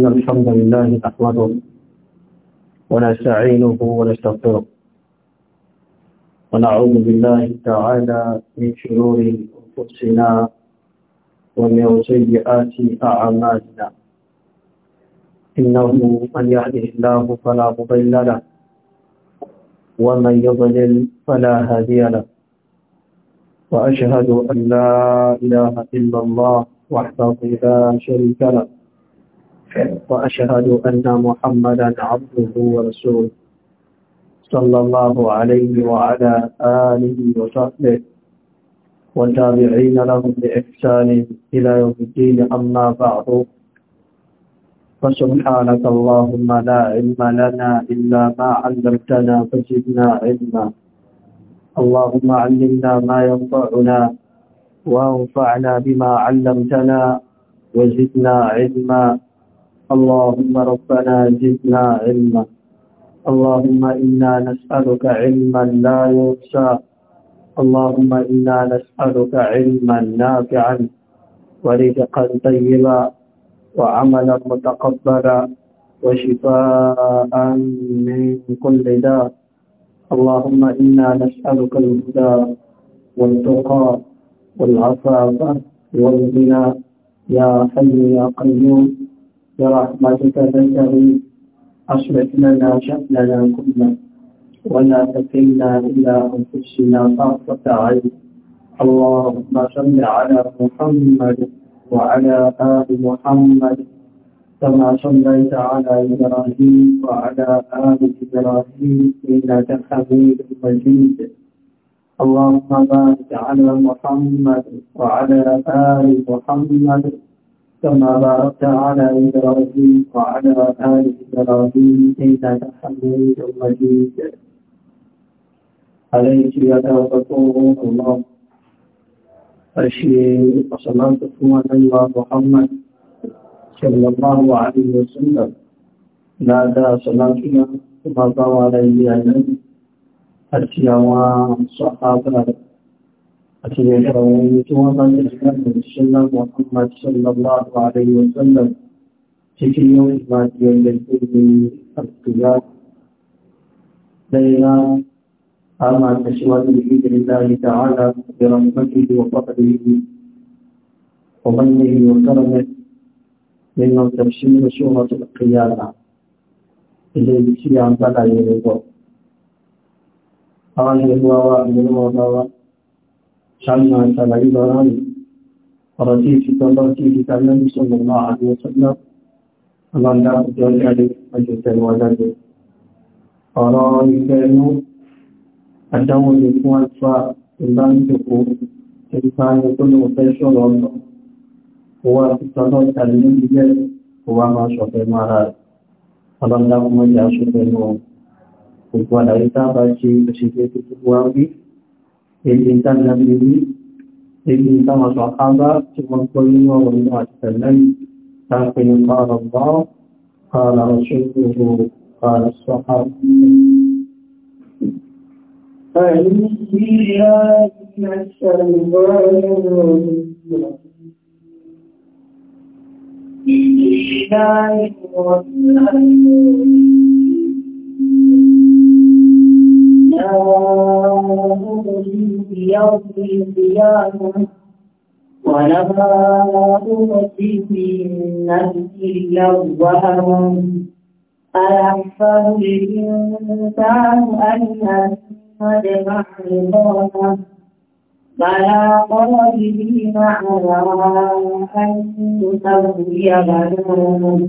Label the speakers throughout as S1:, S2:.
S1: إن الحمد لله نحمده ونستعينه ونستغفره ونعوذ بالله تعالى من شرور أنفسنا ومن سيئات أعمالنا إنه من يهده الله فلا مضل له ومن يضلل فلا هادي له وأشهد أن لا إله إلا الله وحده لا شريك له وأشهد أن محمدا عبده ورسوله صلى الله عليه وعلى آله وصحبه والتابعين لهم بإحسان إلى يوم الدين أما بعد فسبحانك اللهم لا علم لنا إلا ما علمتنا فزدنا علما اللهم علمنا ما ينفعنا وانفعنا بما علمتنا وزدنا علما اللهم ربنا زدنا علما اللهم إنا نسألك علما لا يغشى اللهم إنا نسألك علما نافعا ورزقا طيبا وعملا متقبلا وشفاء من كل داء اللهم إنا نسألك الهدى والتقى والعفاف والغنى يا حي يا قيوم برحمتك تنتهي أصلح لنا شأننا كله ولا تكلنا إلى أنفسنا طرفة عين اللهم صل على محمد وعلى آل محمد كما صليت على إبراهيم وعلى آل إبراهيم إنك حميد مجيد اللهم بارك على محمد وعلى آل محمد كما باركت على إبراهيم وعلى آل إبراهيم إنك حميد مجيد عليك رسول الله أشهد وصلاة الله محمد صلى الله عليه وسلم لا دا صلاتنا وما عليه النبي أتيا وصحابته àti ẹ̀ṣọ́ ohun tí wọ́n bá ti ṣẹ́gun ṣe láwọn Muhammad sallallahu alaihi wa sallam títí yóò máa di ẹgbẹ́ tó ní àtúnyá lẹ́yìnlá a máa tẹ̀síwájú ní ìdílé ta'ala برحمته وفضله ومنه وكرمه منه تبشير سورة القيامة إليه سيان بلا يرضى قال هو وعد الله ṣáàmà ṣàlàyé lọ́rọ̀ rẹ̀ ọ̀rọ̀ tí ti tọ́lọ́ tí ti ta lẹ́nu sọ̀rọ̀ náà àwọn sọ́lọ́ ọlọ́dá ọjọ́ jáde ọjọ́ tẹ̀wọ́ jáde ọ̀rọ̀ ìfẹ́ inú àdáwọn lè fún àtúwà ìbánjòkó ìfà ayé tó lè fẹ́ sọ̀rọ̀ ọ̀nà òwà ti tọ́lọ́ tàbí ní ilé òwà máa ṣọ̀fẹ́ mara rẹ̀ ọlọ́dá ọmọ ìyá ṣọ̀fẹ́ náà gbogbo àlàyé tá a òṣèlú ètò gbogbo wa ń èyí tánà lérí èyí táwọn sọ̀hábá tí wọ́n kọ́ nínú ọ̀rọ̀ inú tàbí ọ̀rọ̀ bá ọ̀rọ̀ ṣúgbogbo ọ̀rọ̀ sọ̀hábá
S2: Yeah. أقسم بيوم القيامة ولا أقسم بالنفس اللوامة أيحسب الإنسان أن نجمع عظامه بلى قادرين على أن نسوي بنانه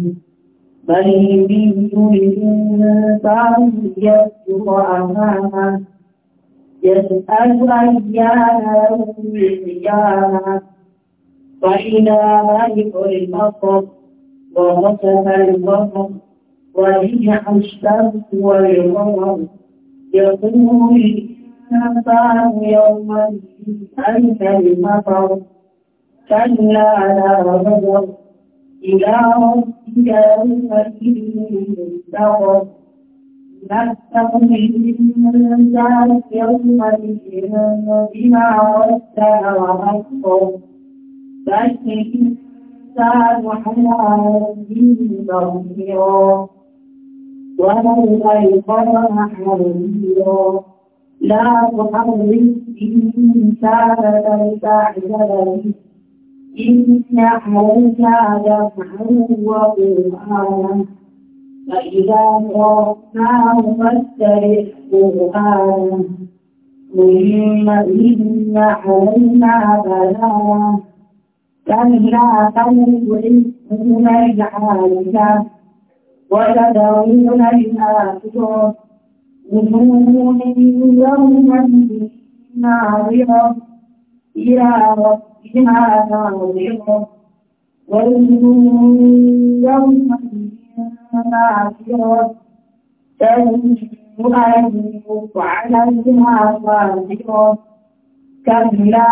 S2: بل يريد الإنسان ليكفر أمامه يسأل أيان يوم القيامة فإلى ملك المطر وغسل البصر ورجع الشمس والقمر يقول الإنسان يومئذ أين المطر كلا لا وزر إلى ربك يومئذ المستقر نستغني من ذلك يومئذ بما ودع وأكثر بشر الإنسان على ربه بصيرا ومن أيقظ حريرا لا تحرك به لسانك لتعجل به إن يحرك يفعل وقرآنه فإذا فرقناه فاسترح قرآنا ثم إن علينا بلاغا كلا بل تعرفون العالية وتدعون الآخرة وجوه يومئذ ناظرة إلى ربها ناظرة وجوه يومئذ ناكرة تنجو أن يفعل بها قادرة كلا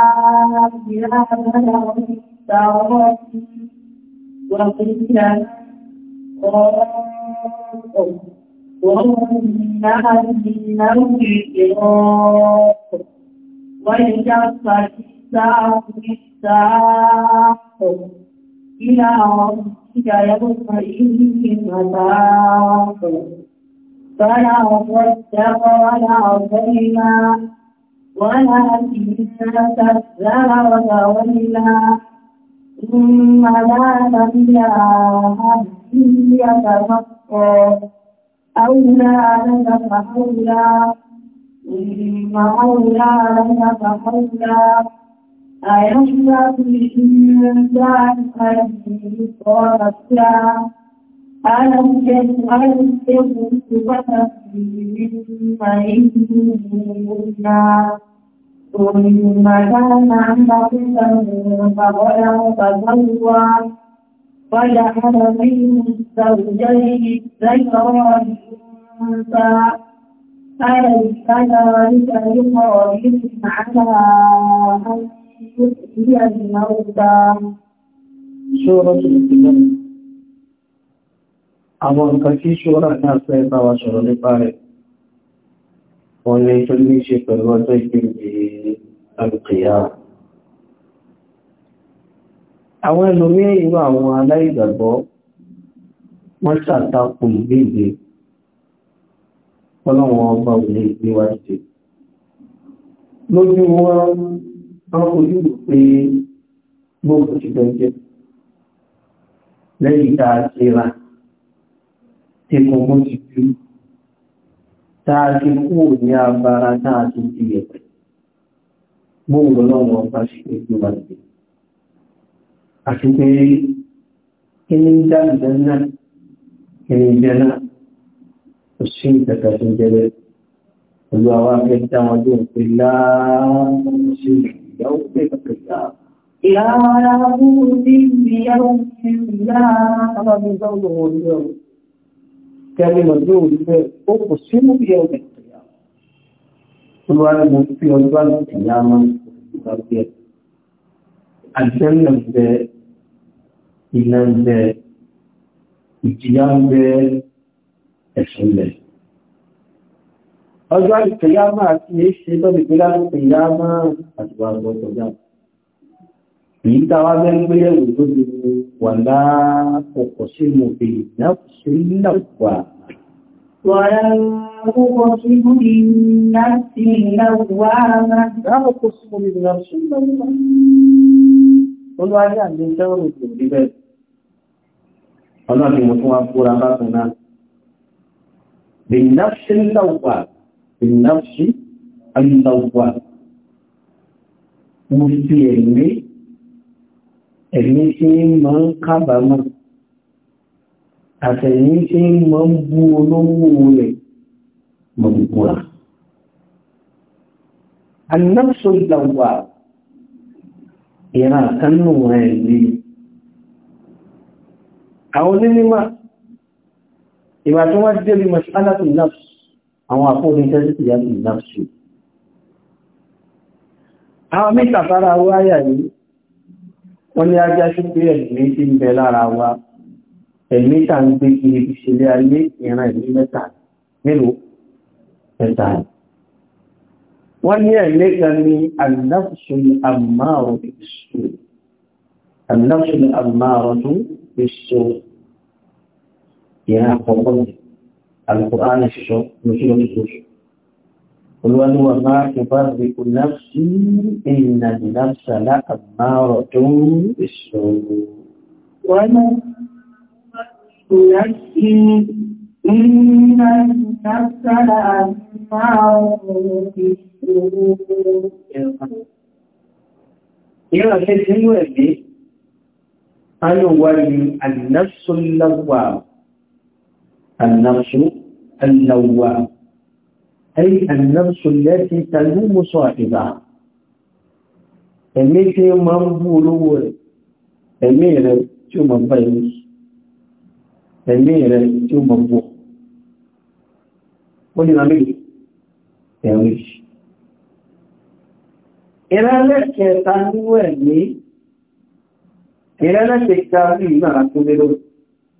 S2: إذا بلغت الترقي وقيل القراط وظن أنه الفراق وانشقت الساق بالساق إلى ربك يومئذ المساق فلا صدق ولا صلى ولكن كذب وتولى ثم لا تبيع أهلية فقط أولى لك فأولى ثم أولى لك فأولى أيحسب الإنسان أن يترك ألم يجعل يده سبحا منا ثم كان عبدا فغلا فسوى وجعل منه الزوجين الذكر والأنثى أليس ذلك بقادر على أن هي الموتى
S1: سورة الكلام àwọn nǹkan tí ṣúra ní àṣẹ ìbáwà ṣọ̀rọ̀ nípa rẹ̀ wọ́n lè tó ní ṣe pẹ̀lú ọjọ́ ìgbìyànjú alùkìyà àwọn ẹlòmí irú àwọn aláìgbàgbọ́ wọ́n ṣàtàkù ìgbègbè ọlọ́wọ́n ọba ò lè lójú wọn àwọn ojú rò pé gbogbo ti jọ jẹ́ lẹ́yìn tá a ṣe ra tí kò mọ́ ti jú tá a ti ní abára tá ti di ẹ̀pẹ̀ gbogbo lọ́wọ́ bá ṣe ojú wa lè àti pé kí ní dáadáa náà kí ní jẹ́ náà kò sí jẹ́ bẹ́ẹ̀ àwọn akẹ́kẹ́ àwọn يوم القيامة
S2: يا يهود يوم لا تنظر
S1: اليوم كلمة يوم أقسم بيوم القيامة سبحان في يوم القيامة الجنة إلى الجنة الجنة الجنة ọjọ́ ìpìyàmà àti èṣe lọ́bí pìlá ìpìyàmà àti wà lọ́tọ̀já èyí tàwà mẹ́gbẹ́lẹ̀ òjò ti wà láàpọ̀ sí mo fi náàpùsí náàpùwà
S2: Ọlọ́rin mo tún wá fúra
S1: bákan náà. Bí náà ṣe ń lọ́wọ́ ìnáṣí alìlàwà mo fi ẹ̀mí ẹ̀mí tí ma ń kábàámọ̀ àtẹ̀yí tí ma ń bú olówó rẹ̀ mọ̀gbùgbùra alìnáṣí alìlàwà ìran àkánù ẹ̀mí àwọn onímọ̀ ìwà tó wá jẹ́ bí mọ̀ṣálàtì náà àwọn àkóbíṣẹ́ sí ìyá sí ìdáṣù àwọn mítà sára wáyà yìí wọ́n ní ajá sí pé ẹ̀mí tí ń bẹ lára wa ẹ̀mí tà ń gbé kiri ìṣẹ̀lẹ̀ ayé ìran ẹ̀mí mẹ́ta mélòó mẹ́ta wọ́n ní ẹ̀mí kan ní an-nafsul ammāratu bis-sū' an-nafsul ammāratu bis-sū' ìran àkọ́kọ́ yìí القرآن نشير olùwàlú wà máa kí bá rí kò náàfí ìrìnà ní náàfí aláàmárọ̀ tó ń ìṣòro
S2: wọ́n kò náàfí ìrìnà ní náàfí aláàmárọ̀ ìṣòro
S1: yíra fẹ́ sí ẹ̀mí a yóò wá ní àdínáṣọ́lọ́wàá النفس اللوام أي النفس التي تلوم صاحبها ẹ̀mí tí ó máa ń bú olówó rẹ̀ ẹ̀mí rẹ̀ tí ó máa bá ẹ̀mí ẹ̀mí rẹ̀ tí ó máa bú ó ní àmì ẹ̀mí ìrẹ́lẹ́kẹta ní ẹ̀mí ìrẹ́lẹ́kẹta ní ìgbàra tó lérò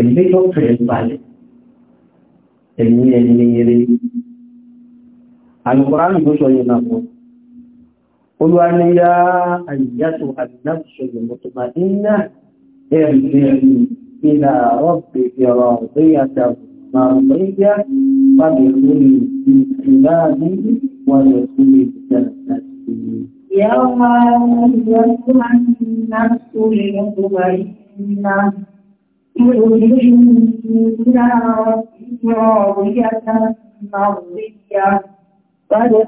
S1: ẹ̀mí lọ́pẹ̀ balẹ̀ ẹ̀mí ẹni eré alùkùránì tó sọ yìí nàbọ̀ olúwa ni yá àyíyàtò àdínáṣọ́gbẹ̀ mọ̀tọ̀mà iná ẹ̀rẹ̀ ìlà rọ́pẹ̀ ẹ̀rọ ìyàtà màrùn-ún-yá pàdé lórí ìlàdí wọn lè fún ìjẹ́
S2: يوم يجعل النفس راضية مرضية عبادي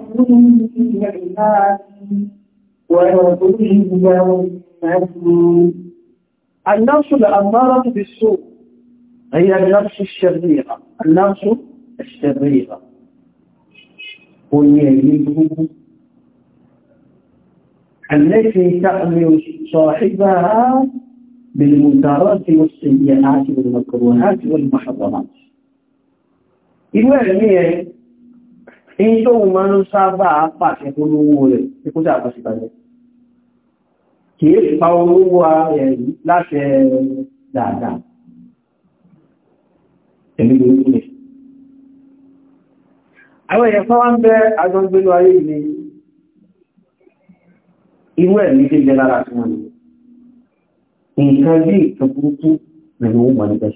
S2: النفس الأمارة بالسوء هي النفس
S1: الشريرة النفس الشريرة واليمين التي تأمر صاحبها بالمدارات والسيئات والمكروهات والمحرمات irú ẹ̀mí ẹ̀ in tó wù máa ń sábà pàṣẹ olówó rẹ̀ tí kó sáà pàṣẹ pàṣẹ kìí pa olówó rẹ̀ láṣẹ dáadáa ẹ̀mí burúkú rẹ̀ àwọn èèyàn fọ́wọ́n bẹ́ agbọ́ngbẹ́lú ayé ni irú tí jẹ́ lára tí wọ́n ni nǹkan bí nǹkan burúkú lẹ́yìn ó mọ̀ níbẹ̀.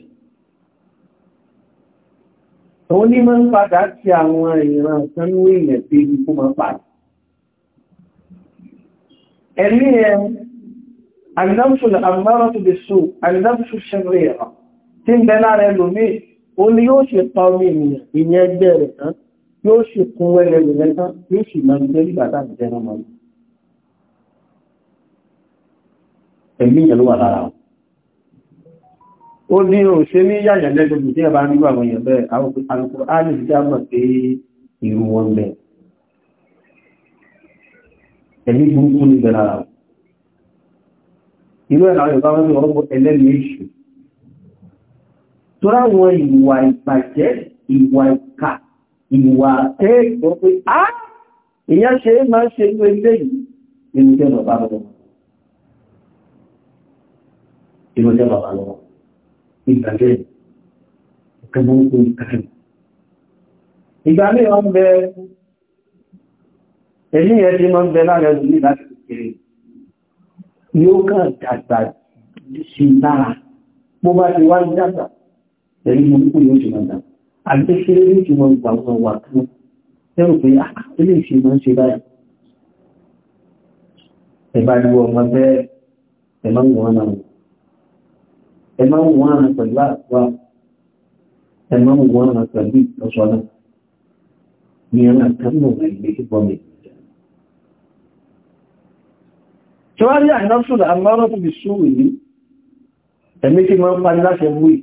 S1: Òun ní máa ń padà tí àwọn ìran kan ní èèyàn pé ibi kó máa pàdé. Ẹ̀mí ẹ Àdínáfùsùn àmọ́rọ̀ tó lè so, àdínáfùsùn ṣẹ̀rẹ̀ ẹ̀rọ tí ń bẹ lára ẹlòmí, ó ní yóò ṣe pa omi ènìyàn, ìyẹn ẹgbẹ́ rẹ̀ tán, yóò ṣe kún ẹlẹ́rẹ̀ rẹ̀ tán, yóò sì máa jẹ́ ìgbàdá ìjẹ́ ọmọ ẹ̀mí ìyẹn ló wà lára ó ní o ṣe ní yàyà lẹ́gbẹ̀ẹ́ tí ẹ bá nígbà àwọn èèyàn bẹ́ẹ̀ alùpù áàlì ti dámọ̀ pé ìrù wọn bẹ̀ ẹ̀mí burúkú ní bẹ̀ lára ìlú ẹ̀rọ àwọn ìbáwọn ní ọgbọ̀ ẹlẹ́mì èṣù tó ráwọn ìwà ìbàjẹ́ ìwà ìkà ìwà tẹ́ẹ̀kọ́ pé á ìyá ṣe máa ṣe ilé ilé yìí nínú tí wọ́n jẹ́ bàbá lọ́wọ́ ìgbàgbẹ́ ìkan burúkú ìkan ìgbà mí wọ́n bẹ èyí yẹn tí wọ́n bẹ láàrẹ lórí láti kéré yóò kàn dàgbà sí lára bó bá ti wá ń dàgbà ẹ̀rí burúkú yóò ti máa dàgbà àti kéré ẹ̀bá ìwọ̀n ọmọ bẹ́ẹ̀ ẹ̀mọ́ ìwọ̀n náà ẹ máa ń wọ́n rìn pẹ̀lú àtúwà ẹ máa ń wọ́n rìn pẹ̀lú ìtọ́sọ́nà ní ẹ̀rọ àkànnà ìgbé kíkọ́ mi. tí wọ́n rí àìnáṣùlà amárọ́ tó fi sún ìlú ẹ̀mí tí máa ń parí láti ẹwú ì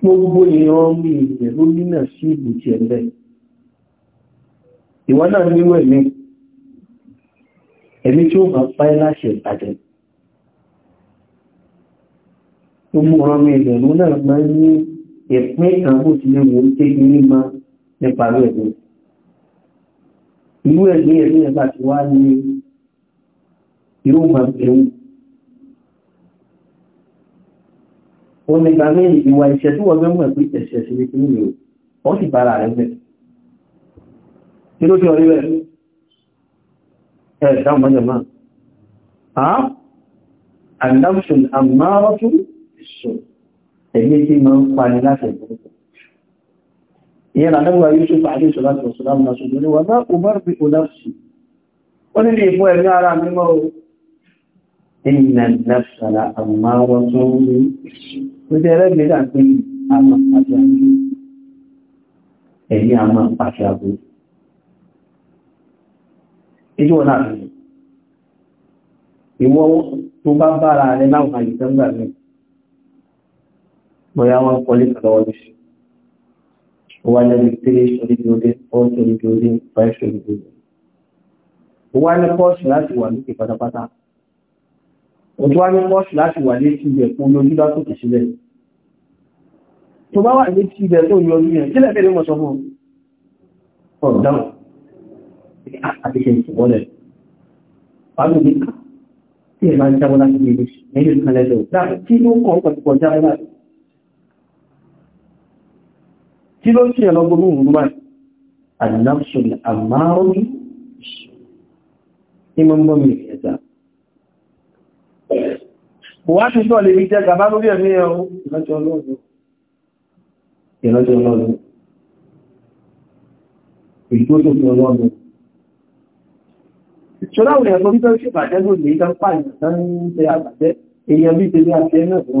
S1: gbogbo ìran mi ìrẹ̀ ló nínà sí ìbùtì ẹ̀lẹ́ ìwọ́n náà níwọ̀ gbogbo ọmọ ìlẹ̀lú náà máa ní ìpín kan bó ti lè wọ́n tẹ́ ní ma nípa rẹ̀ ìlú ẹ̀gbẹ́ ẹ̀gbẹ́ ẹ̀gbà ti wá ní yóò máa bẹ̀rù onígbà ní ìwà ìṣẹ́ tó wọ́n mọ̀ pé ẹ̀ṣẹ̀ sí ní kí ní ó sì bára rẹ̀ bẹ̀ kí ló sùn ẹgbẹ́ tí máa ń pani láti ẹ̀gbọ́n ìyẹn àdáwà Yusuf àdéṣọ́ láti ọ̀sọ̀lá mọ́ aṣojú ní wà máa kùbá rí onáfsì ó nílé ìfún ẹ̀mí ara mímọ́ ìnà náfsàlá àmáwọ́ tó ń rí ó jẹ́ ẹlẹ́gbẹ̀ẹ́ àti àmà àti àmì ẹ̀yìn àmà àti àbò ìjọ náà ìwọ tó bá bára rẹ láwọn àyíká ń gbà mẹ́ta bóyá wọ́n kọ́lé kọ́lọ́wọ́ lóṣù wà lẹ́bi three story building four story building five story building wà ní pọ́ọ̀sì láti wà lókè pátápátá òtú wà ní pọ́ọ̀sì láti wà létí ibẹ̀ fún lójú látòkè sílẹ̀ tó bá wà létí ibẹ̀ tó yọ orí yẹn sílẹ̀ bẹ́ẹ̀ ni mo sọ fún ọ dáhùn àtìṣe ìṣòwọ́lẹ̀ wà lóbi kí ẹ̀ ah, máa ń jábọ́ láti ilé ìlú méjì kan lẹ́sẹ̀ ò dáhùn kí ló kọ́ pẹ̀lú kọjá láti kí ló ṣe ẹ̀lọ́gbọ́n òun báyìí annafsul amáhóní ní mọ́mọ́ mi ẹ̀ta wà ṣe tọ́ lè jẹ́ gàbá lórí ẹ̀mí ẹ̀rọ ìrọ́jọ́ ọlọ́run ìgbó tó fi ọlọ́run ṣọ́láwò ẹ̀kọ́ bí tọ́ sí ìbàjẹ́ lónìí ìdánpá ìdánpá ìdánpá ìdánpá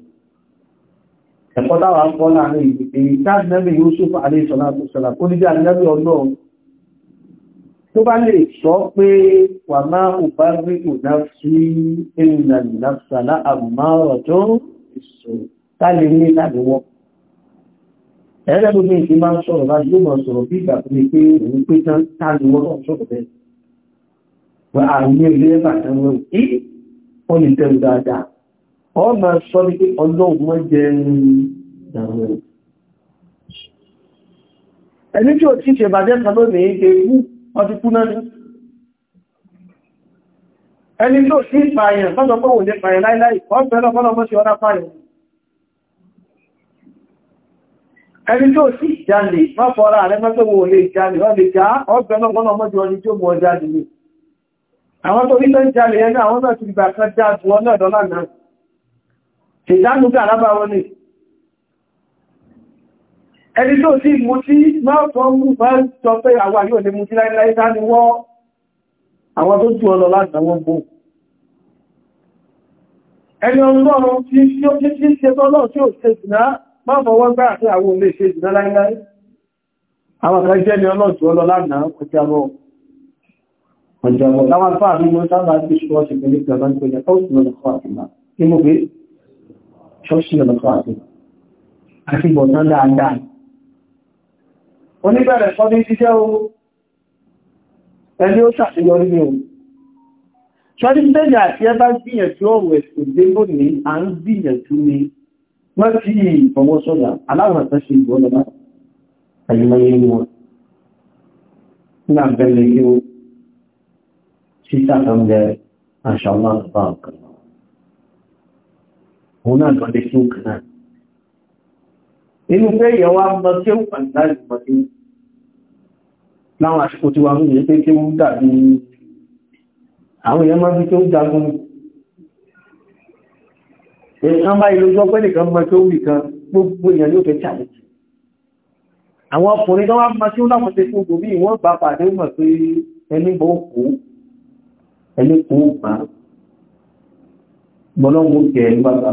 S1: ẹ̀kọ́ táwà ń kọ́ láàrin èyí táàdì nẹ́bí Yusuf aléṣọ́lá ó ní bí alẹ́bí ọlọ́run tó bá lè sọ pé wà máa ò bá rí òdá sí ìrìnà ìlàṣàlá àmàrọ̀ tó ìṣò tálẹ̀ ní ìlàdíwọ́ ẹ̀rẹ́gbẹ̀gbẹ̀ ìṣẹ́ máa ń sọ̀rọ̀ bá yóò mọ̀ sọ̀rọ̀ bí ìgbà pé pé òun pé tán tálẹ̀wọ́ ọ ma sọ ní pé ọlọ́run mọ́ jẹ ìdàmù ẹni tí ó tí ṣe bàjẹ́ kan ló ní ìgbé ikú wọ́n ti kú náà ní ẹni tí ó tí pààyàn fọ́nà pọ́ òun lè pààyàn láìláì wọ́n bẹ̀rẹ̀ fọ́nà mọ́ sí ọdá pààyàn ẹni tí ó tí jalè wọ́n fọ́ra rẹ̀ mọ́sọ́wọ́ òun lè jalè wọ́n lè já ọgbẹ̀rẹ̀ fọ́nà mọ́ sí ọdí tí ó mọ́ jalè àwọn ṣètàlù gàrábà wọn ni ẹni tó sí mú sí máa fọ́ mú bá sọ pé àwọn àyíò lè mú sí láìláì sáà ni wọ́n àwọn tó jù ọlọ láti àwọn gbò ẹni ọlọ́run tí ó ti ṣe tọ́lọ́ tí ó ṣe jùná máa fọwọ́ gbá àti àwọn olè ṣe jùná láìláì àwọn kan jẹ́ ni ọlọ́run jù ọlọ láti àwọn ọjà lọ ọjà lọ láwọn fáà mímọ́ sábà ti ṣọ́ ṣe pẹ̀lú ìgbàmọ́ ìpẹ̀lẹ̀ fọ́ọ̀sùn lọ́nà fọ́ àtìmá kí mú pé ṣọ́ṣì ọ̀lọ́pọ̀ àti àti bọ̀tán dáadáa oníbẹ̀rẹ̀ sọ ní jíjẹ́ o ẹni ó ṣàṣeyọrí ní o ṣọ́dí tẹ́jì àti ẹbá gbìyànjú ọ̀rọ̀ ẹ̀sùn débò ní à ń gbìyànjú ní wọ́n ti ìfọwọ́ sọ́dà aláwọ̀ àtẹ́ṣe ìgbọ́lọ́lá àyíwáyé wọn ní àbẹ̀lẹ̀ yóò ṣíṣàtọ̀ ń bẹ àṣà ọlọ́run bá ọ̀kan lọ òun náà lọ lè ṣíò kanáà inú pé ìyẹn wá mọ́ tí ó pàdé láì mọ́ tí láwọn àṣíkò tí wá ń yẹ pé kí ó dàbí àwọn èèyàn máa fi tí ó jagun èèyàn bá ilé ọjọ́ pé nìkan mọ́ tí ó wì kan gbogbo èèyàn ló fẹ́ tàbí àwọn ọkùnrin tó wá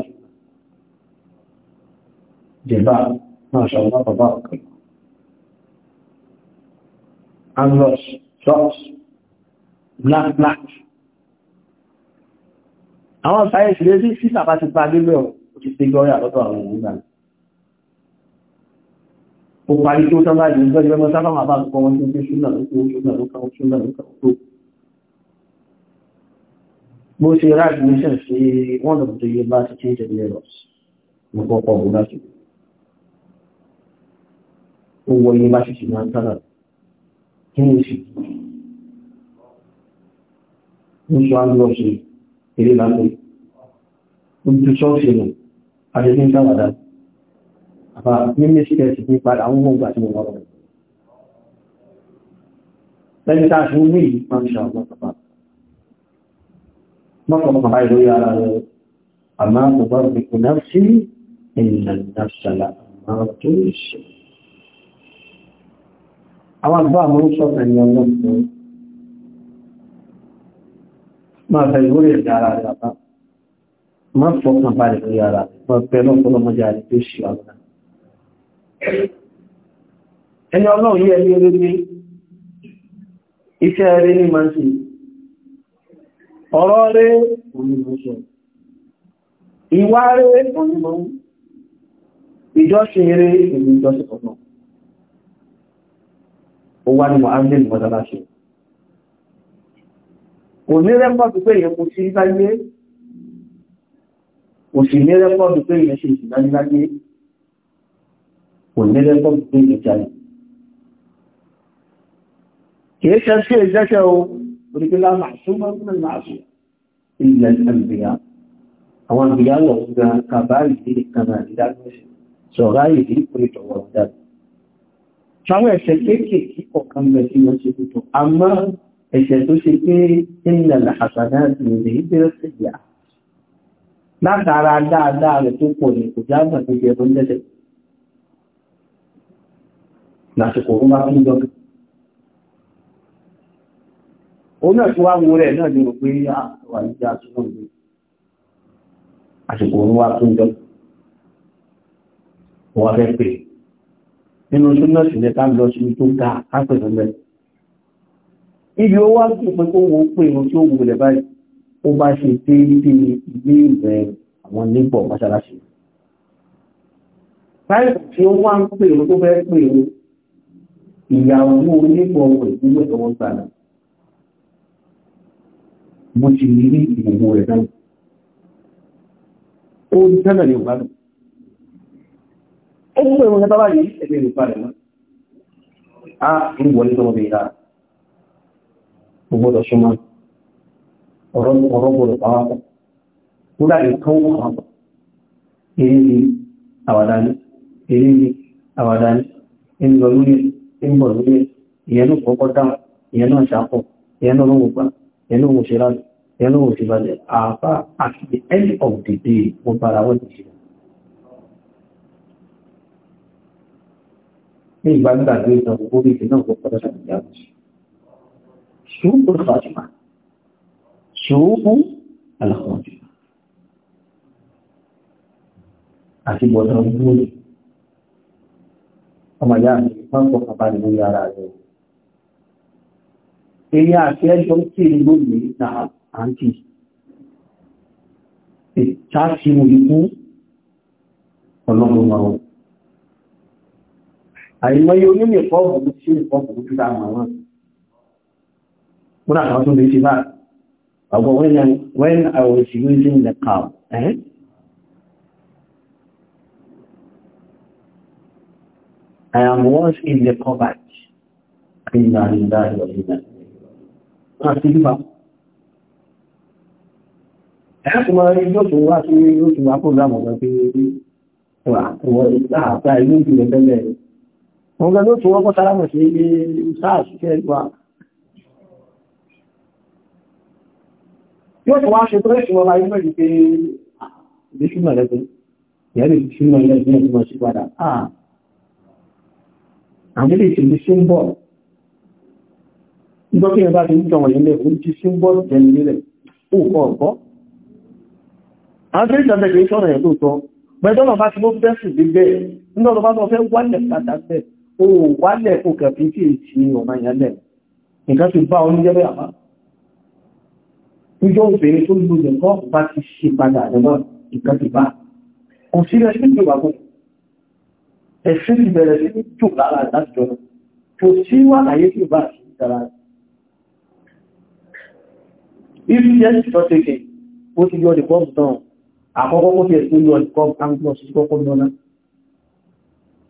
S1: جبال ما شاء الله تبارك الله عمرس شخص black black àwọn sáyẹ̀sì lé sí sísà bá ti bá nílé ọ̀ ti fi gọ́ọ̀yà lọ́tọ̀ àwọn òmìnira ó parí tó sábà ìlú ìgbẹ́jẹ́ mọ́ sábà máa bá ń kọ́ wọn tó fi ṣúnà lókò ṣúnà lókò ṣúnà lókò tó bó ṣe ráàdì mission sí one of the university generals ní pọ́pọ̀ òmìnira ó wọ iye bá ṣíṣe máa ń sára kí ni oṣù oṣù àgbọ̀ ọ̀ṣẹ̀ eré lápẹ́ ojú ṣọ́ọ̀ṣì nù àṣẹ́sí ń sáwàdà àbá mímí sí ẹ̀sì ní padà àwọn ohun ìgbà tí mo lọ́rọ̀ lẹ́yìn tá a ṣe ń rí yìí sí ìlànà ṣàlà àmọ́ tó ṣe àwọn àgbà àwọn oníṣọ́pẹ̀ ni ọmọ ìṣẹ́ máa fẹ́ ìwúrí ẹ̀dà ara rẹ̀ àbá máa fọ́kàn bá rẹ̀ lórí ara wọ́n pẹ́ lọ́pọ̀lọ́ mọ́já rẹ̀ tó ṣe ọ̀gá ẹni ọlọ́run yẹ́ ní eré ní iṣẹ́ eré ní máa ń ṣe ọ̀rọ̀ rẹ̀ onímọ̀ṣọ́ ìjọ́ṣe eré ìjọ́ṣe kọ̀ọ̀kan ó wá ní mohamed mọ́sálásí kò ní rẹ́kọ́dù pé èyàn kò sí láyé kò sì ní rẹ́kọ́dù pé èyàn ṣe ìsìnláyé láyé kò ní rẹ́kọ́dù pé èyàn jáyé kìí ṣe sí ìjẹ́ṣẹ́ o orígbélá màṣúmọ́ ilẹ̀ ìgbìyà àwọn ìgbìyà lọ gbà kàbáyìí kan àrídájú sọ̀rá ìdí pé ìtọ̀wọ̀ dáadáa Táwọn ẹ̀ṣẹ̀ kéèkèé kọ̀kan bẹ̀ tí wọ́n ṣe tuntun, àmọ́ ẹ̀ṣẹ̀ tó ṣe pé ìlànà àṣàdá ti rẹ̀ ìbẹ̀rẹ̀ sí ìyá. Látara dáadáa rẹ̀ tó pọ̀ ní kò jágbà tó jẹ́ tó ń dẹ́dẹ̀. Lásìkò ó bá fún jọ́gbà. Ó náà tí wá wo rẹ̀ tó wọ́n ní nínú súnà sílẹ̀ ká lọ sí tó ga ápẹ̀rẹ̀ mẹ́ ibi ó wá sí pé kó wo pé irun tí ó wulẹ̀ báyìí ó bá ṣe déédé ilé ìwẹ̀ àwọn nígbọ̀ mọ́ṣáláṣí báyìí tí ó wá ń pè irun tó fẹ́ pè irun ìyàwó onígbọ̀ rẹ̀ nígbẹ̀ tó mo ti rí ìwò rẹ̀ náà ó ń tẹ́lẹ̀ ní ìgbàlù ó mú ẹ̀wọ̀n ẹ̀bá báyìí ẹgbẹ́ ìlú parẹ̀ mọ́ a ń wọlé tọmọ bí ìlà gbogbo ṣọmọ ọ̀rọ̀ gbọdọ̀ pàwápọ̀ nígbà tí tó wọ́n pàwápọ̀ eré ni àwàdání eré ni àwàdání ń lọ lórí ń bọ̀ lórí ìyẹn ló kọ́kọ́ dáhùn ìyẹn náà ṣàpọ̀ ìyẹn náà lọ́wọ́ gbà ìyẹn náà wò ṣe lánàá ìyẹn náà wò ṣe balẹ̀ àbá àti the end of the day mo bára wọ́n ti ṣe ní ìgbàgbàgbé ìtàn orí ìdí náà gbogbo ọ̀sán ìyàwó ṣùgbọ́n fàájìmá ṣùgbọ́n alákọ̀ọ́jì àti bọ̀dọ̀ gbóòlù ọmọ ìyá àti pọ́npọ̀ kàbá nínú yàrá rẹ̀ èyí àti ẹjọ́ tí ìlú mi na àǹtì ìtàṣí mo ikú ọlọ́run ọ̀rọ̀ àìmọye onílè fọ́ọ̀bù tí ó fọ́ọ̀bù tó dá múra kan tó lè ṣe bá ọgbọ̀n when when I was using the cow eh? I am once in the cupboard in the in the in the àti bíbá ẹ̀kùnmọ̀ yóò tún wá sí yóò tún wá kó lámọ̀ pé wà ìwọ̀n ìgbà àtà ilé ìgbìyànjẹ́ bẹ̀rẹ̀ wọ́n gan ló tún wọ́pọ̀ sáramọ̀ sí ilé sars kẹgbà yóò tún wá ṣe tó rẹ̀ṣùn ọba ilé mẹ́rin pé ah, ìdíṣúnmọ̀ lẹ́gbẹ̀ẹ́ ìyẹ́rẹ̀ ìṣúnmọ̀ lẹ́gbẹ̀ẹ́ ìmọ̀ sí padà ah, àwọn ilé símbọ̀ ó wálẹ̀ fún kẹfí tí èsì ọmọ ìyànlẹ̀ nǹkan ti bá oní jẹ́bẹ̀ àmá níjọ́ òfèrè tó lù jẹ́ bá ti ṣe padà àdẹ́bọ̀ nǹkan ti bá kò sí rẹ̀ sí ìjọba kò ẹ̀ṣẹ́ ti bẹ̀rẹ̀ sí ní lára láti kò sí wà láyé tí bá sí dára ibi jẹ́ ìjọ tẹ́kẹ̀ ó ti yọ ọdìkọ́ àkọ́kọ́ kó fi ẹ̀sùn yọ ọdìkọ́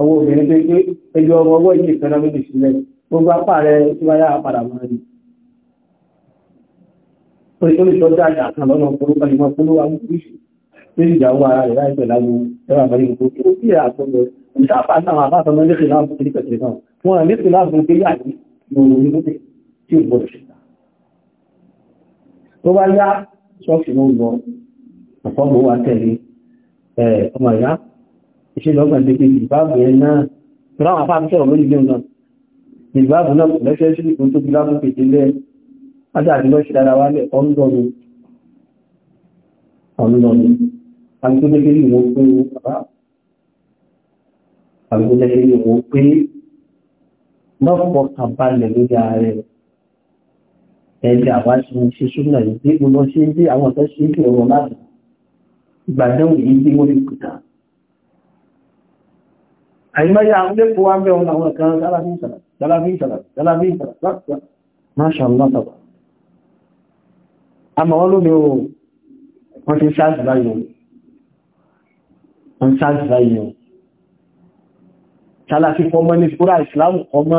S1: ọwọ́ obìnrin pé pé ẹjọ́ ọmọ ọwọ́ yìí ìfẹ́ lọ́gbẹ̀ẹ́ sílẹ̀ gbogbo apá rẹ̀ tí wáyá padà mọ́ rí olùsọ dáadáa kan lọ́nà orúkọ ìmọ̀ polówó amúkúrúṣù tó sì jáwó ara rẹ̀ láìpẹ́ lágbo ẹwà àbáyé gbogbo kí ó bí àtọ́lọ ìdáfà náà àbáfà mọ́ lẹ́sìn láàbù kiri pẹ̀sẹ̀ náà wọn lẹ́sìn láàbù pé yà ní ìròyìn bá yá ṣọ́ọ̀ṣì ló ń lọ ọ̀pọ̀ mọ́ wa tẹ̀lé ọmọ ìyá ìṣẹ́lọ́gbọ̀n lè pé ìbáàbù ẹ̀ náà ráwọn afáàbí sọ̀rọ̀ lórí ilé ọ̀nà ìbáàbù náà kò lẹ́ṣẹ́ sí ìkún tó bílá fún pèsè lẹ́ ájáàdì lọ́ṣì dára wá lẹ̀ ọ̀ndọ̀nù ọ̀ndọ̀nù àgbẹ̀lẹ́gbẹ̀rẹ̀ ìwọ̀n pé àgbẹ̀lẹ́gbẹ̀rẹ̀ ìwọ̀n pé lọ́pọ̀ kàbálẹ̀ lórí ààrẹ ẹ̀ẹ́dẹ̀ àwáṣe ṣe súnmọ̀ ìdí gbogbo ṣe ń dé àwọn ọ̀tọ́ ṣe àìmọ́yà àwọn ilé fòwà mẹ́ wọn àwọn kan sálàfíì sàlàfíì sàlàfíì sàlàfíì sàlàfíì máṣàlá tàbà a ma wọ́n ló ní o wọ́n ti ṣáàjì báyìí wọ́n ṣáàjì báyìí o sálàfí fọ́mọ́ ní fúra ìsìláàmù ọmọ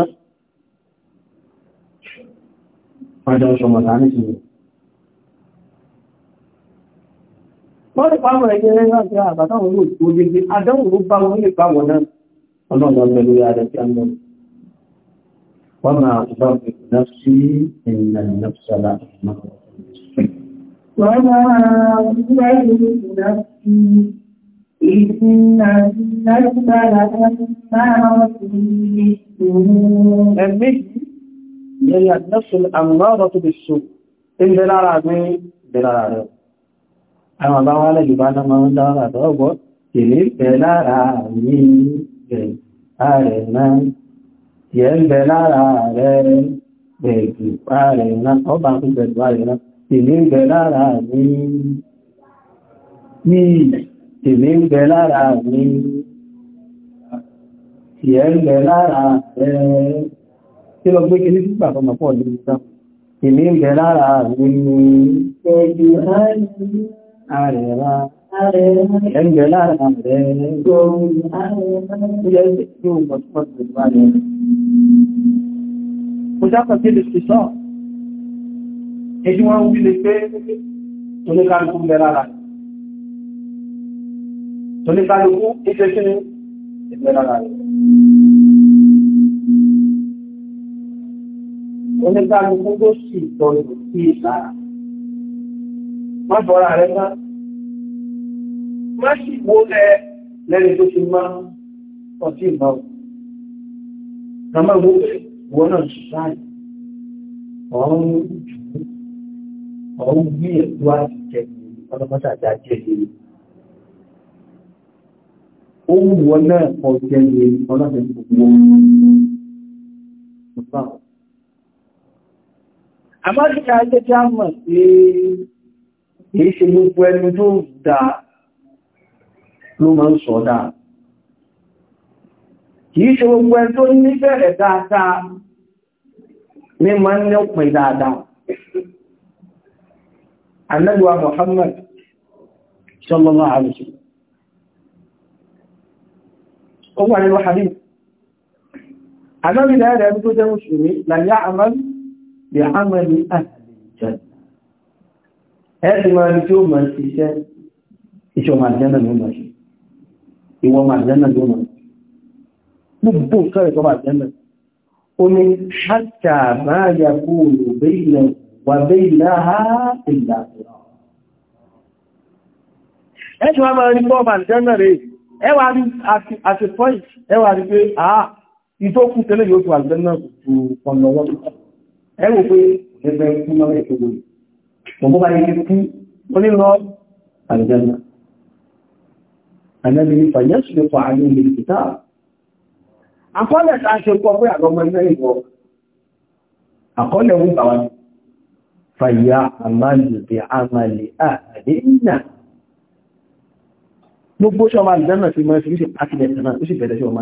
S1: ọjọ́ ṣọmọ̀ta ní ti wọ́n rí pàmọ̀ ọlọ́run pẹ̀lú ààrẹ tí a mọ̀. Wọ́n máa bá ìrìnàfí ìrìnàfíṣàlá ìmọ̀.
S2: Wọ́n máa bá ìrìnàfí ìrìnàfíṣàlá ìmọ̀. Ẹ̀mí
S1: yẹ̀yà nọ́fṣù àmúrọ̀ tó bí ṣù, ìbẹ̀ lára mi bẹ̀rẹ̀ rẹ̀. Àwọn àbáwálẹ̀ Yorùbá náà máa àtọ́gbọ́, kèrè bẹ̀ lára mi rẹ̀ ààrẹ náà yẹ ń bẹ lára rẹ̀ gbẹ̀gbẹ̀ ààrẹ náà ọba fún gbẹ̀gbẹ̀ ààrẹ náà tèmi ń bẹ lára mi ní tèmi ń bẹ lára mi yẹ ń bẹ lára rẹ̀ tí lọ gbé kiri nígbà tó mọ̀ pọ̀ ní ìjọ tèmi ń bẹ lára mi ní gbẹ̀gbẹ̀ ààrẹ náà
S2: ẹgbẹ̀
S1: láàrín rẹ̀ gbọ́rún yẹ́ yóò mọ̀túnmọ̀tún ìgbà rẹ̀. Mo sápàá tí lè ṣe sọ́, èyí wọ́n wí lè pé oníkálukú mẹ́ lára. Oníkálukú ìṣẹ́ kí ni ìgbẹ̀ lára rẹ̀. Oníkálukú tó sì tọ́jú sí ìsára. Má bọ́ra rẹ̀ máa má sì wó lẹ lẹ́ni tó ti má ọtí ìbáwò àmá wó wọ́n náà ṣáàì ọ̀run jù ọ̀run gbé ẹ̀kú àti jẹ̀kì ọlọ́pàá àti àjẹ̀kì ohun wọ́n náà kọ jẹ́ni ọlọ́pàá gbogbo àmọ́ ìṣẹ́ ajẹ́ tí a sí kìí gbogbo ẹni tó dáa ló máa ń sọ dáa kìí ṣe gbogbo ẹ tó ní bẹ̀rẹ̀ dáadáa ní máa ń ní òpin dáadáa annabuwa Muhammad sallallahu alaihi ó wà nínú hadith Àdábìdá ẹ̀rẹ̀ tó jẹ́ Mùsùlùmí làyá àmàlì bí àmàlì àtàlìjẹ́. Ẹ̀sìn máa ní tí ìwọ máa jẹ́nà lónà gbogbo sọ́rọ̀ tó máa jẹ́nà ó ní ṣáàtà máa yà kú òlòbé ilẹ̀ wà bẹ́ ìlàáhá ìlà ẹ̀ṣù wa máa rí pọ́ máa jẹ́nà rẹ̀ ẹwà rí àti point ẹwà rí pé àá ìtókù tẹ́lẹ̀ yóò tó àjẹ́nà tó ọ̀nà wọ́n ẹwò pé ẹgbẹ́ fún Ànábì ní fàyẹ́sù ló pa àánú ìlú kìtà. Àkọọ́lẹ̀ ta ṣe kọ pé àgọ́mọ ẹgbẹ́ ìwọ̀. Àkọọ́lẹ̀ ń bà wá. Fàyà àmàlù bí àmàlì àdínà. Gbogbo ṣọ́mà àdínà fi máa fi ṣe pàtìlẹ̀ náà, ó sì bẹ̀rẹ̀ sí ọmọ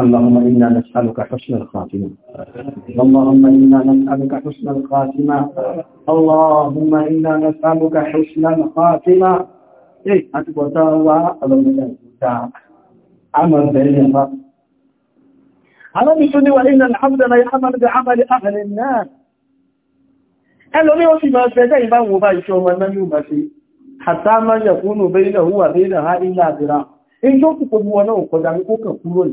S1: اللهم إنا نسألك حسن الخاتمة اللهم إنا نسألك حسن الخاتمة اللهم إنا نسألك حسن الخاتمة إيه أتبتاوى أبدا عمل بينها على بسني وإن الحمد لا يعمل بعمل أهل الناس أنا لي وفي ما fẹ́jẹ́ ìbáwọn bá iṣẹ́ ọmọ náà yóò máa ṣe hatta ma yakunu bainahu wa bainaha illa dira in tó kùkù wọn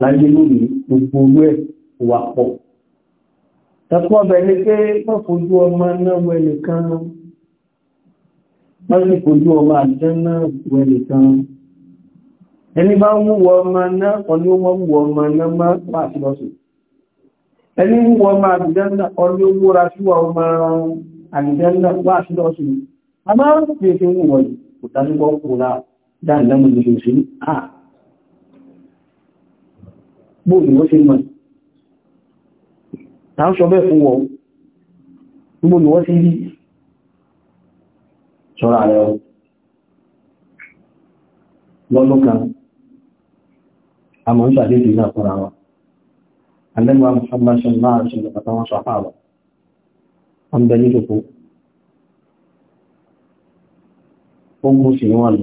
S1: láyé lónìí gbogbo orú ẹ̀ wà pọ̀. ẹ̀kọ́ ọbẹ̀ ni pé wọ́n fojú ọmọ náà wọ ẹnìkan wọ́n sì fojú ọmọ àjẹ́ náà wọ ẹnìkan ẹni bá ń wúwọ ọmọ náà ọdún ó wọ́n wúwọ ọmọ náà má wà sí lọ́sùn ẹni wúwọ ọmọ àjẹ́ náà ọdún ó wúra síwọ ọmọ àjẹ́ náà wà sí a máa ń pèsè wúwọ yìí kò dájú kọ́ kó lá dáadáa mo lè ah, bó ni wọ́n mọ̀ ń sọ bẹ́ẹ̀ náà fúnra wa alẹ́gbà musamman máa ṣe lọ́pàá wọn sọ wọn wọ́n ní ṣòfò ó sí wọn lọ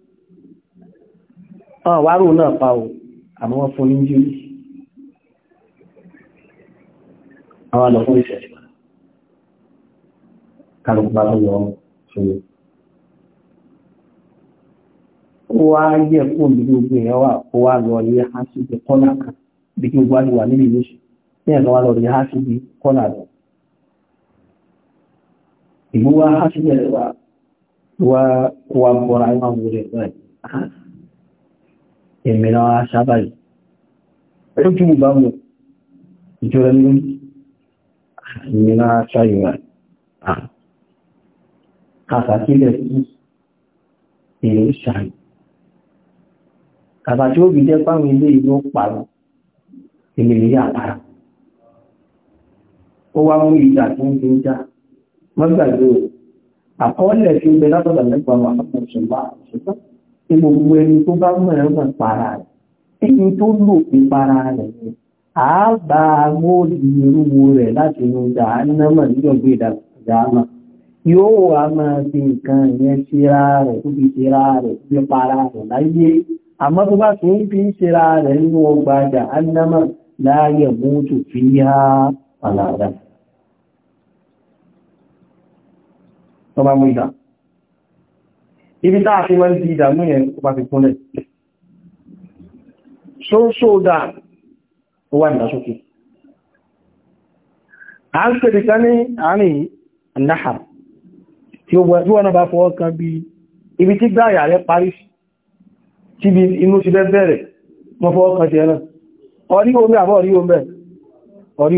S1: ọ̀n wárò náà pa o àmọ́ wọ́n fún injúrí àwọn àlọ́ fún ìṣẹ̀lẹ̀ kálùkùbá lọ́wọ́ ṣòro ó wá yẹ kó ní gbogbo èèyàn wà kó wá lọ rí hásìbí kọ́nà kan bí kí gbogbo àdúrà níbi ìlóṣù ní ẹ̀kan wá lọ rí hásìbí kọ́nà lọ ìgbówá hásìbí ẹ̀rẹ̀ wá wá bọ́ra báyìí èmìnà aṣábàlì ojú bá mú ìjọra ní èmìnà aṣáyíwá kàtàkílẹ̀ sí èrò ṣàì kàtàkí ó bí jẹ́ páwọn ilé ìlú pàrọ̀ èmìnà àpàrà ó wá mú ìjà tí ń fi ń já àkọọ́lẹ̀ tí ó bẹ látọ̀dà lẹ́gbàá wà fún ọ̀ṣùgbà tí gbogbo ẹni tó bá mọ̀ràn para rẹ̀ ẹni tó lò pé para rẹ̀ ni a bá góòlù irúwo rẹ̀ láti inú jàánàmà níjọ̀gbé ìdàgbàmà yóò wá máa fi nǹkan yẹn síra rẹ̀ tó fi síra rẹ̀ tó fi para rẹ̀ láyé àmọ́ tó bá tó ń fi síra rẹ̀ nínú ọgbà jàánàmà láàyè mọ́tò fi yá àlàrà. Tọ́ba mú ìdáhùn ibi táà fi wọ́n di ìdàmú yẹn ó bá fi kúnlẹ̀ so so dáa ó wà ìdásókè a ń pèdè ká ní àárín náà tí ó wọ́n bá fọwọ́ kan bí ibi tí gbáyà rẹ̀ parí tí bí inú ti bẹ́ bẹ̀rẹ̀ wọ́n fọwọ́ kan ti ẹ̀nà orí omi àbọ̀ orí omi orí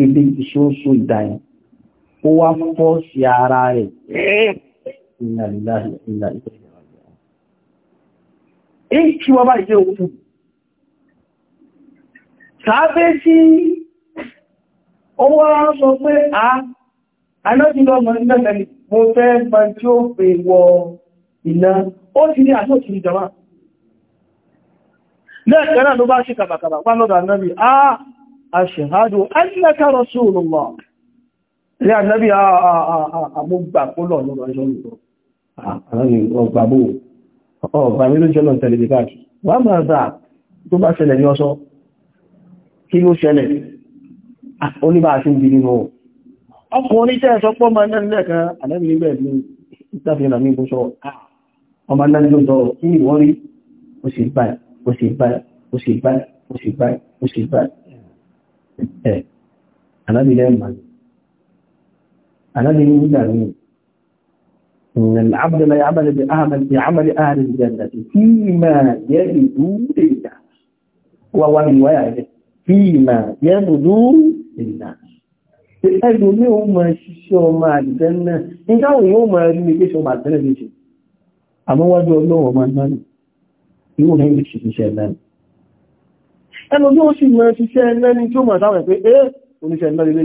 S1: omi ìdáyìn ó wá fọ́ sí ara rẹ̀ Ìkí wọ́n bá ìṣẹ́ òkú. Sàábé sí owó wọ́n sọ pé a, anájílọ́ mọ̀ ní ẹ̀mẹ̀lì, mo fẹ́ mọ̀ tí ó pè wọ iná, ó ti ní àṣọ́ ti ìjọba. Lẹ́ẹ̀kẹ́ náà ló bá ṣe kàbàkàbà pálọ́dà náà bí, a, aṣèhádò, annaka ilé ànábì àmúgbà pólọ̀ ló rọ̀ ṣọ́nù tó ọgbàbò ọgbà mi ló jẹ́ lọ́n tẹ̀lé káàkiri wà máa dà tó bá ṣẹlẹ̀ ní ọsọ kí ló ṣẹlẹ̀ oníbà àti ń bìnú ọkùnrin tẹ́ sọ pọ́ máa náà lẹ́ẹ̀kan ànábì nígbẹ̀ ní ìtàfihàn mi bó sọ ọmọ náà ló sọ kí ni wọ́n rí ó sì báyìí ó sì báyìí ó sì báyìí ó sì báyìí ó sì báyìí أنا لي دارين إن العبد لا يعمل بعمل بعمل أهل الجنة فيما يبدو لله وهو من وعده فيما يبدو لله ẹ̀dùn ní o máa ṣiṣẹ́ ọmọ àdìdẹ́nà nígbàwò yóò máa rí ní kéṣọ́ máa tẹ́lẹ̀ méjì àmúwájú ọlọ́wọ̀ máa náà yóò rẹ̀ ìṣẹ́ ìṣẹ́ lẹ́nu ẹnu ní ó sì máa ṣiṣẹ́ lẹ́ni tí ó máa sáwọn ẹ̀ pé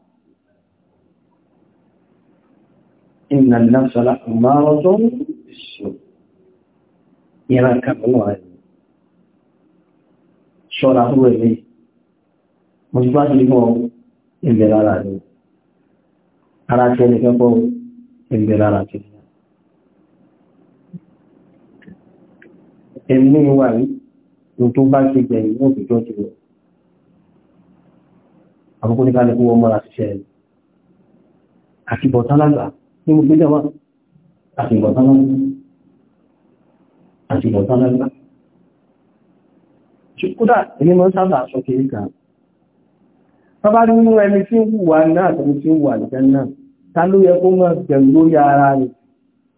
S1: إن النفس لأمارة بالسوء يرى كبير هذا ṣọ́ra tó wẹ̀ lẹ́yìn mo ti bá ṣe fọ́ ìbẹ̀rẹ̀ ara rẹ̀ ara tí ẹni kẹ́kọ́ ìbẹ̀rẹ̀ ara tí ẹni wà rí ní tó bá ṣe gbẹ̀yìn ní òfìjọ́ ti rẹ̀ àkókò ní kálẹ̀kú ọmọ àṣìṣẹ́ rẹ̀ àti bọ̀tán lágbàá ní gbogbo ìjọba àti ìbọ̀tán lọ́gbà àti ìbọ̀tán lọ́gbà kódà ilé mọ́ sábà aṣọ kiri kan bábá rí nínú ẹni tí ń wà náà tàbí tí ń wà nìkan náà ta ló yẹ kó mọ́ bẹ̀rù lórí rẹ̀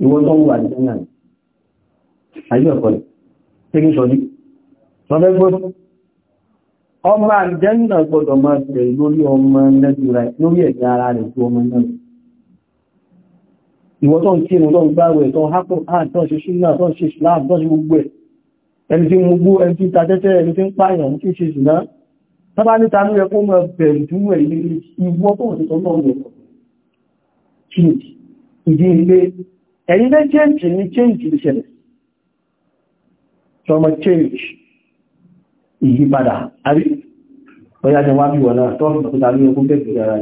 S1: ìwọ́n tó ń wà nìkan náà ayé ọ̀pọ̀ rẹ̀ tí kí gbọ́dọ̀ ọmọ àjẹ́ gbọ́dọ̀ máa bẹ̀rù lórí ọmọ nẹ́gbẹ̀rẹ̀ lórí ẹ̀gbẹ̀ ara rẹ̀ tó ọmọ náà ìwọ tó ń kí ìwọ tó ń gbáwẹ̀ tó ń ṣe ṣúnà tó ń ṣe islam tó ṣe gbogbo ẹ̀ ẹni tí mú gbó ẹni tí tàtẹ́tẹ́ ẹni tí ń pààyàn tí ṣe ṣùnà tábá níta ní ẹkọ́ mọ̀ bẹ̀rù tó ń tọ́ náà lọ change ìdí ilé ẹ̀yìn lé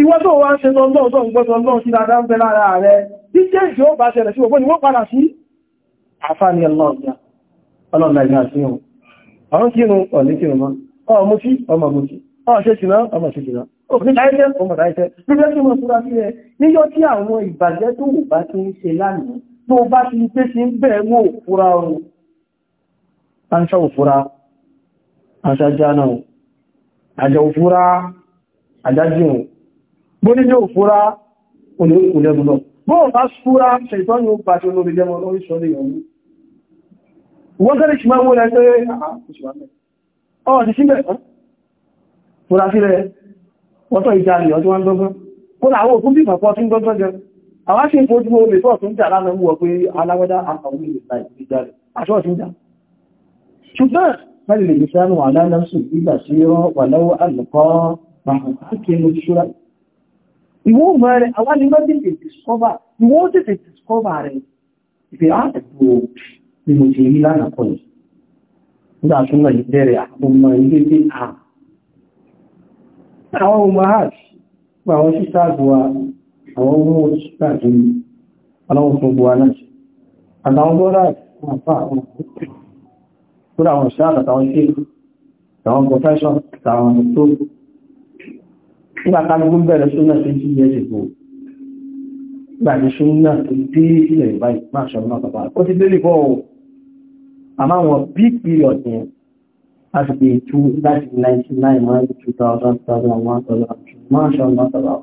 S1: ìwọ́n tó wá ń ṣe lọ́lọ́ tó ń gbọ́dọ̀ lọ́n sí dáadáa ń bẹ lára rẹ̀ tí jẹ́ ìṣẹ́ ó bá ṣẹlẹ̀ sí ọgbọ́n ni wọ́n padà sí àfáàní ọlọ́ọ̀dá ọlọ́ọ̀dá ìgbà sí ọ̀run ọ̀run kírun ọ̀ní kírun mọ́ ọmọ tí ọmọ mú tí ọmọ ṣe ṣìná ọmọ ṣe ṣìná òfin láìṣẹ́ ọmọ láìṣẹ́ nígbẹ́ tí mo fura sí ẹ níyọ́ tí àwọn ìbàjẹ́ tó wù bá ti ń ṣe lánàá tó bá ti pé sí ń bẹ̀ẹ́ wò fura ọrùn aṣọ òfura aṣájá náà àjọ òfura àjájìn bó ní yóò fúra olóòkú lẹ́nu lọ bó bá fúra ṣètọ́ yóò bá tí olóòrí lẹ́mọ lórí sọ lè yọ̀wú wọ́n tẹ́lẹ̀ ṣe máa wó rẹ̀ pé ah, ọ̀dí síbẹ̀ fúra sílẹ̀ wọ́tọ̀ ìjà rẹ̀ ọdún wọn gbọ́gbọ́n kó làwọ́ òkú bí pàpọ̀ tí ń gbọ́gbọ́n jẹ àwọn ṣe ṣùgbọ́n mẹ́lẹ̀ lè gbé sánú àlálẹ́sùn ìgbà sí rán wà lọ́wọ́ ìwọ mọ̀ rẹ̀ àwọn nígbà tètè discover ìwọ tètè discover rẹ̀ ìfẹ́ àtẹ̀kù ni mo ti rí lánàá kọ́ yìí nígbà tó náà yìí bẹ̀rẹ̀ àkómọ ilé dé à ah. àwọn ọmọ hajj pé àwọn sísá àgbà àwọn ọmọ sísá àti àwọn ọmọ gbogbo náà àtàwọn bọ́lá àpá àwọn ọmọ àwọn ṣáà àtàwọn ṣe àwọn profession àtàwọn tó nígbà kálukú bẹ̀rẹ̀ súnà tó jí yẹ́ ìgbò gbàdé súnà tó dé ilẹ̀ ìbá ìpáṣọ náà bàbá ó ti délé bọ́ ọ̀ àmáwọn big period yẹn láti pé tú láti 99 mọ́ 2000 2001 máṣọ náà bàbá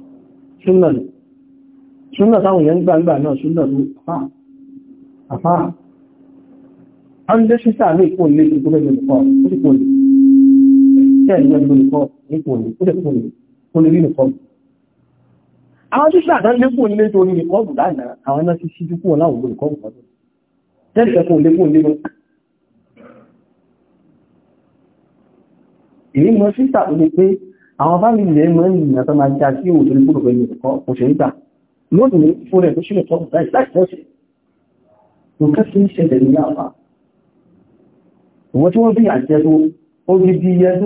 S1: súnà lè súnà táwọn èèyàn gbàgbà náà súnà ló fà àfà ọdún sísà ní ìpò ilé ìpínlẹ̀ ìpínlẹ̀ ìpínlẹ̀ ìpínlẹ̀ ìpínlẹ̀ ìpínlẹ̀ ìpínlẹ̀ ìpínlẹ̀ kó lè rí nìkan àwọn tí sàdá lékún nílé tó ní nìkan bù lánàá àwọn náà ti ṣíjú kúrò láwọn ògbò nìkan bù lọ́dún tẹ́lẹ̀ kó lékún nílé èyí mọ́ sí sàdó ni pé àwọn fámìlì rẹ̀ mọ́ ìrìnà tó máa já sí òòtú nípò lọ́pọ̀ ìlú kan òṣèlú gbà lónìí fún ẹ̀ tó ṣílẹ̀ tọ́pù láì láì pọ́sì nǹkan tí ní àpá tó ó rí bí iye tó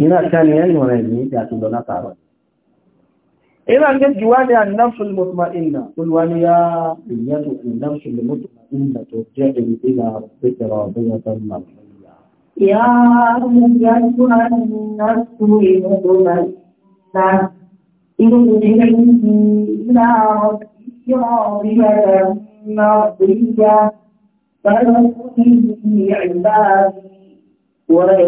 S1: ìran kan ni ẹ̀yìn rẹ̀ ní ìdí àti lọ látàrọ̀ ìran kejì wá ní an-nafsul mutma'inna olùwàníyà ìyẹ́tò an-nafsul mutma'inna tó jẹ́ èyí ìlà pẹ̀tẹ̀rọ̀ ọ̀bẹ̀yẹ tó ń mọ̀
S2: يا أيها النفس إلى ربك راضية مرضية فادخلي Sọ́rẹ́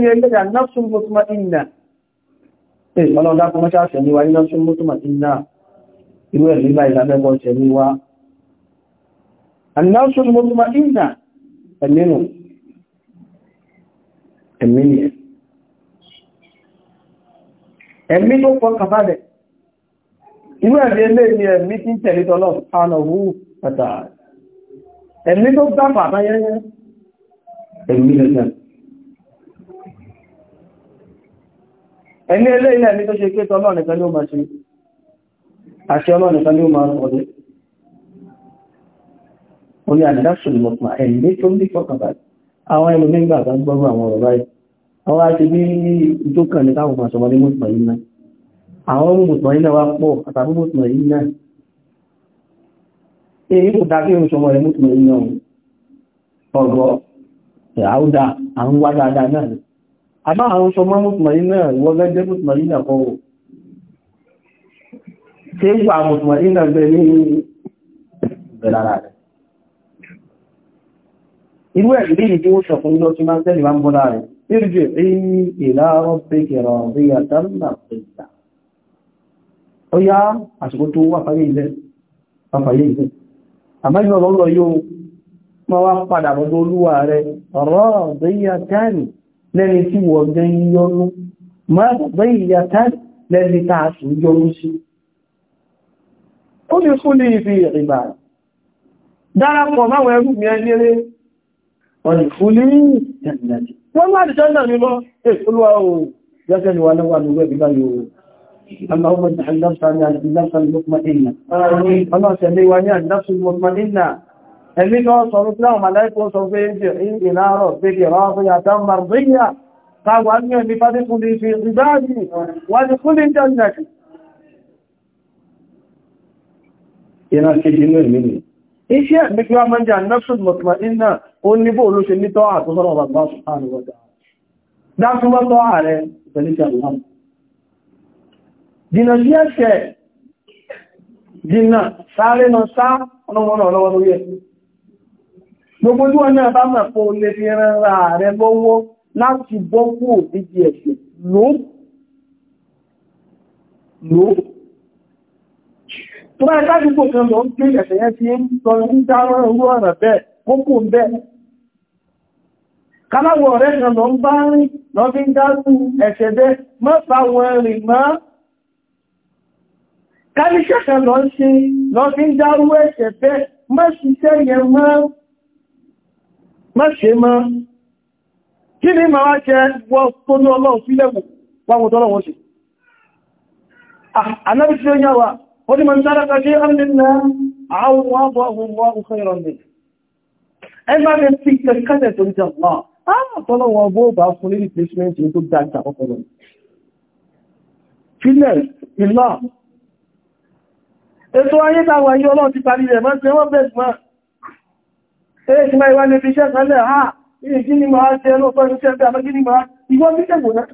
S1: ni ẹgbẹ́gbẹ́ nafsun mutuma inna. Ṣé ọlọ́dá kọmọ́ ṣáṣẹ̀ ní wa ní nafsun mutuma inna. Irú ẹ̀ nígbà ìlàmẹ́gbọ́n ṣẹ̀ ní wa. Nafsun mutuma inna ẹ̀mínú. Ẹ̀mínú ẹ̀. Ẹ̀mí tó pọ̀ kàbálẹ̀. Irú ẹ̀mí ilé ni ẹ̀mí tí ń tẹ̀lé tọ́lọ́ ẹ̀mí lẹ́gbẹ̀ẹ́ ẹni ẹlẹ́ ilẹ̀ ní tó ṣe pé tọ́lọ́ nìkan ló máa ṣe àṣẹ ọlọ́ nìkan ló máa sọ̀dẹ́ orí àdáṣùn mọ̀pàá ẹ̀mí tó ní fọ́kànbàtí àwọn ẹlò nígbà bá gbọ́rọ̀ àwọn ọ̀rọ̀ báyìí àwọn àti bí ní káwọn àṣọmọ́ àúdá àwọn wá dáadáa náà ni a bá àwọn ṣọmọ́ mùsùlùmí náà wọ́gẹ́ jẹ́ mùsùlùmí náà kọ́ wò tí ó wà mùsùlùmí náà bẹ ní ìbẹ̀lára rẹ̀ irú ẹ̀rí ní ìdí wọ́n ṣọ̀fún lọ sí máa ń máa ń bọ́lá rẹ̀ irjì ma wá padà bọ́dọ̀ olúwa rẹ̀ rọ́ọ̀dẹ́yàtán lẹ́ni tí wọ́n gan yọnu mọ́ọ̀dẹ́yàtán lẹ́ni tàà sí yọnu sí ó lè fún ní ibi ìrìnbà dárapọ̀ máwọn ẹrù mi ẹlẹ́rẹ́ ọ̀nà fún ní
S2: ìjẹ̀mìnàjì
S1: wọ́n má dì sọ́nà ní lọ èkúlúwà ohun yọ́sẹ̀ ni wà náwà ní wẹ́bí báyìí ohun اللهم اجعل نفسنا نفسا مطمئنة ẹ̀mí náà sọ̀rọ̀ pé àwọn màláìkò sọ pé ìnáàrọ̀ pé kí rọ́ọ̀fún yàtọ̀ màrùn-ún káwà ní ẹ̀mí fásitì lè fi ìgbáàdì wọ́n ni fún ìjọ́jọ́jọ́ iná ni iṣẹ́ ẹ̀mí kí wá mọ́ jẹ́ nafsul mutma'inna ó ní bó olóṣe nítọ́ àtúnṣọ́rọ̀ bàbá subhanahu wa ta'ala dákúnmọ́tọ́ ààrẹ gbogbo tí wọ́n náà bá mọ̀ fún olè fi ran ra rẹ lọ́wọ́ láti bọ́ kú òdíjì ẹ̀ṣẹ̀ ló ló tó bá ẹ̀ká gbogbo kan lọ ń gbé ẹ̀ṣẹ̀ yẹn ti ń sọ ń dáwọ́ orú ọ̀rọ̀ bẹ́ẹ̀ ó kò ń bẹ́ẹ̀ kaláwọ̀ ọ̀rẹ́ kan lọ ń bá rìn lọ fi ń dákú ẹ̀ṣẹ̀ bẹ́ẹ̀ mọ́ fa wọn rìn mọ́ káníṣẹ́ kan lọ ń ṣe lọ fi ń dárú ẹ̀ṣẹ̀ bẹ́ẹ̀ mọ́ ṣiṣẹ́ yẹn mọ́ má ṣe má kí ní ma wá ṣe wọ́n tó ní ọlọ́run fílẹ̀wò wáwọn tọ́lọ́wọ́n ṣe anábi ah, tí ó yá wa ó ní ma ń dára kàṣí àmìnà àwọn wọ́n wọ́n khairan min ẹgbà rẹ̀ tí kẹ́kẹ́ tó ń jẹ́ ah, ọlọ́run bó bá fún ní replacement tó dájà ọpọlọ fílẹ̀ ìlà ètò ayé tàwà yí ọlọ́run ti parí rẹ̀ mọ́ Ṣé ṣe máa ìwá ní ibi iṣẹ́ sọ́lẹ̀ ha, ìrìnkí ni máa ṣe ẹlọ́pọ̀ iṣẹ́ bí àmọ́ gíní máa ìwọ́n bí ṣẹ̀gbò náà.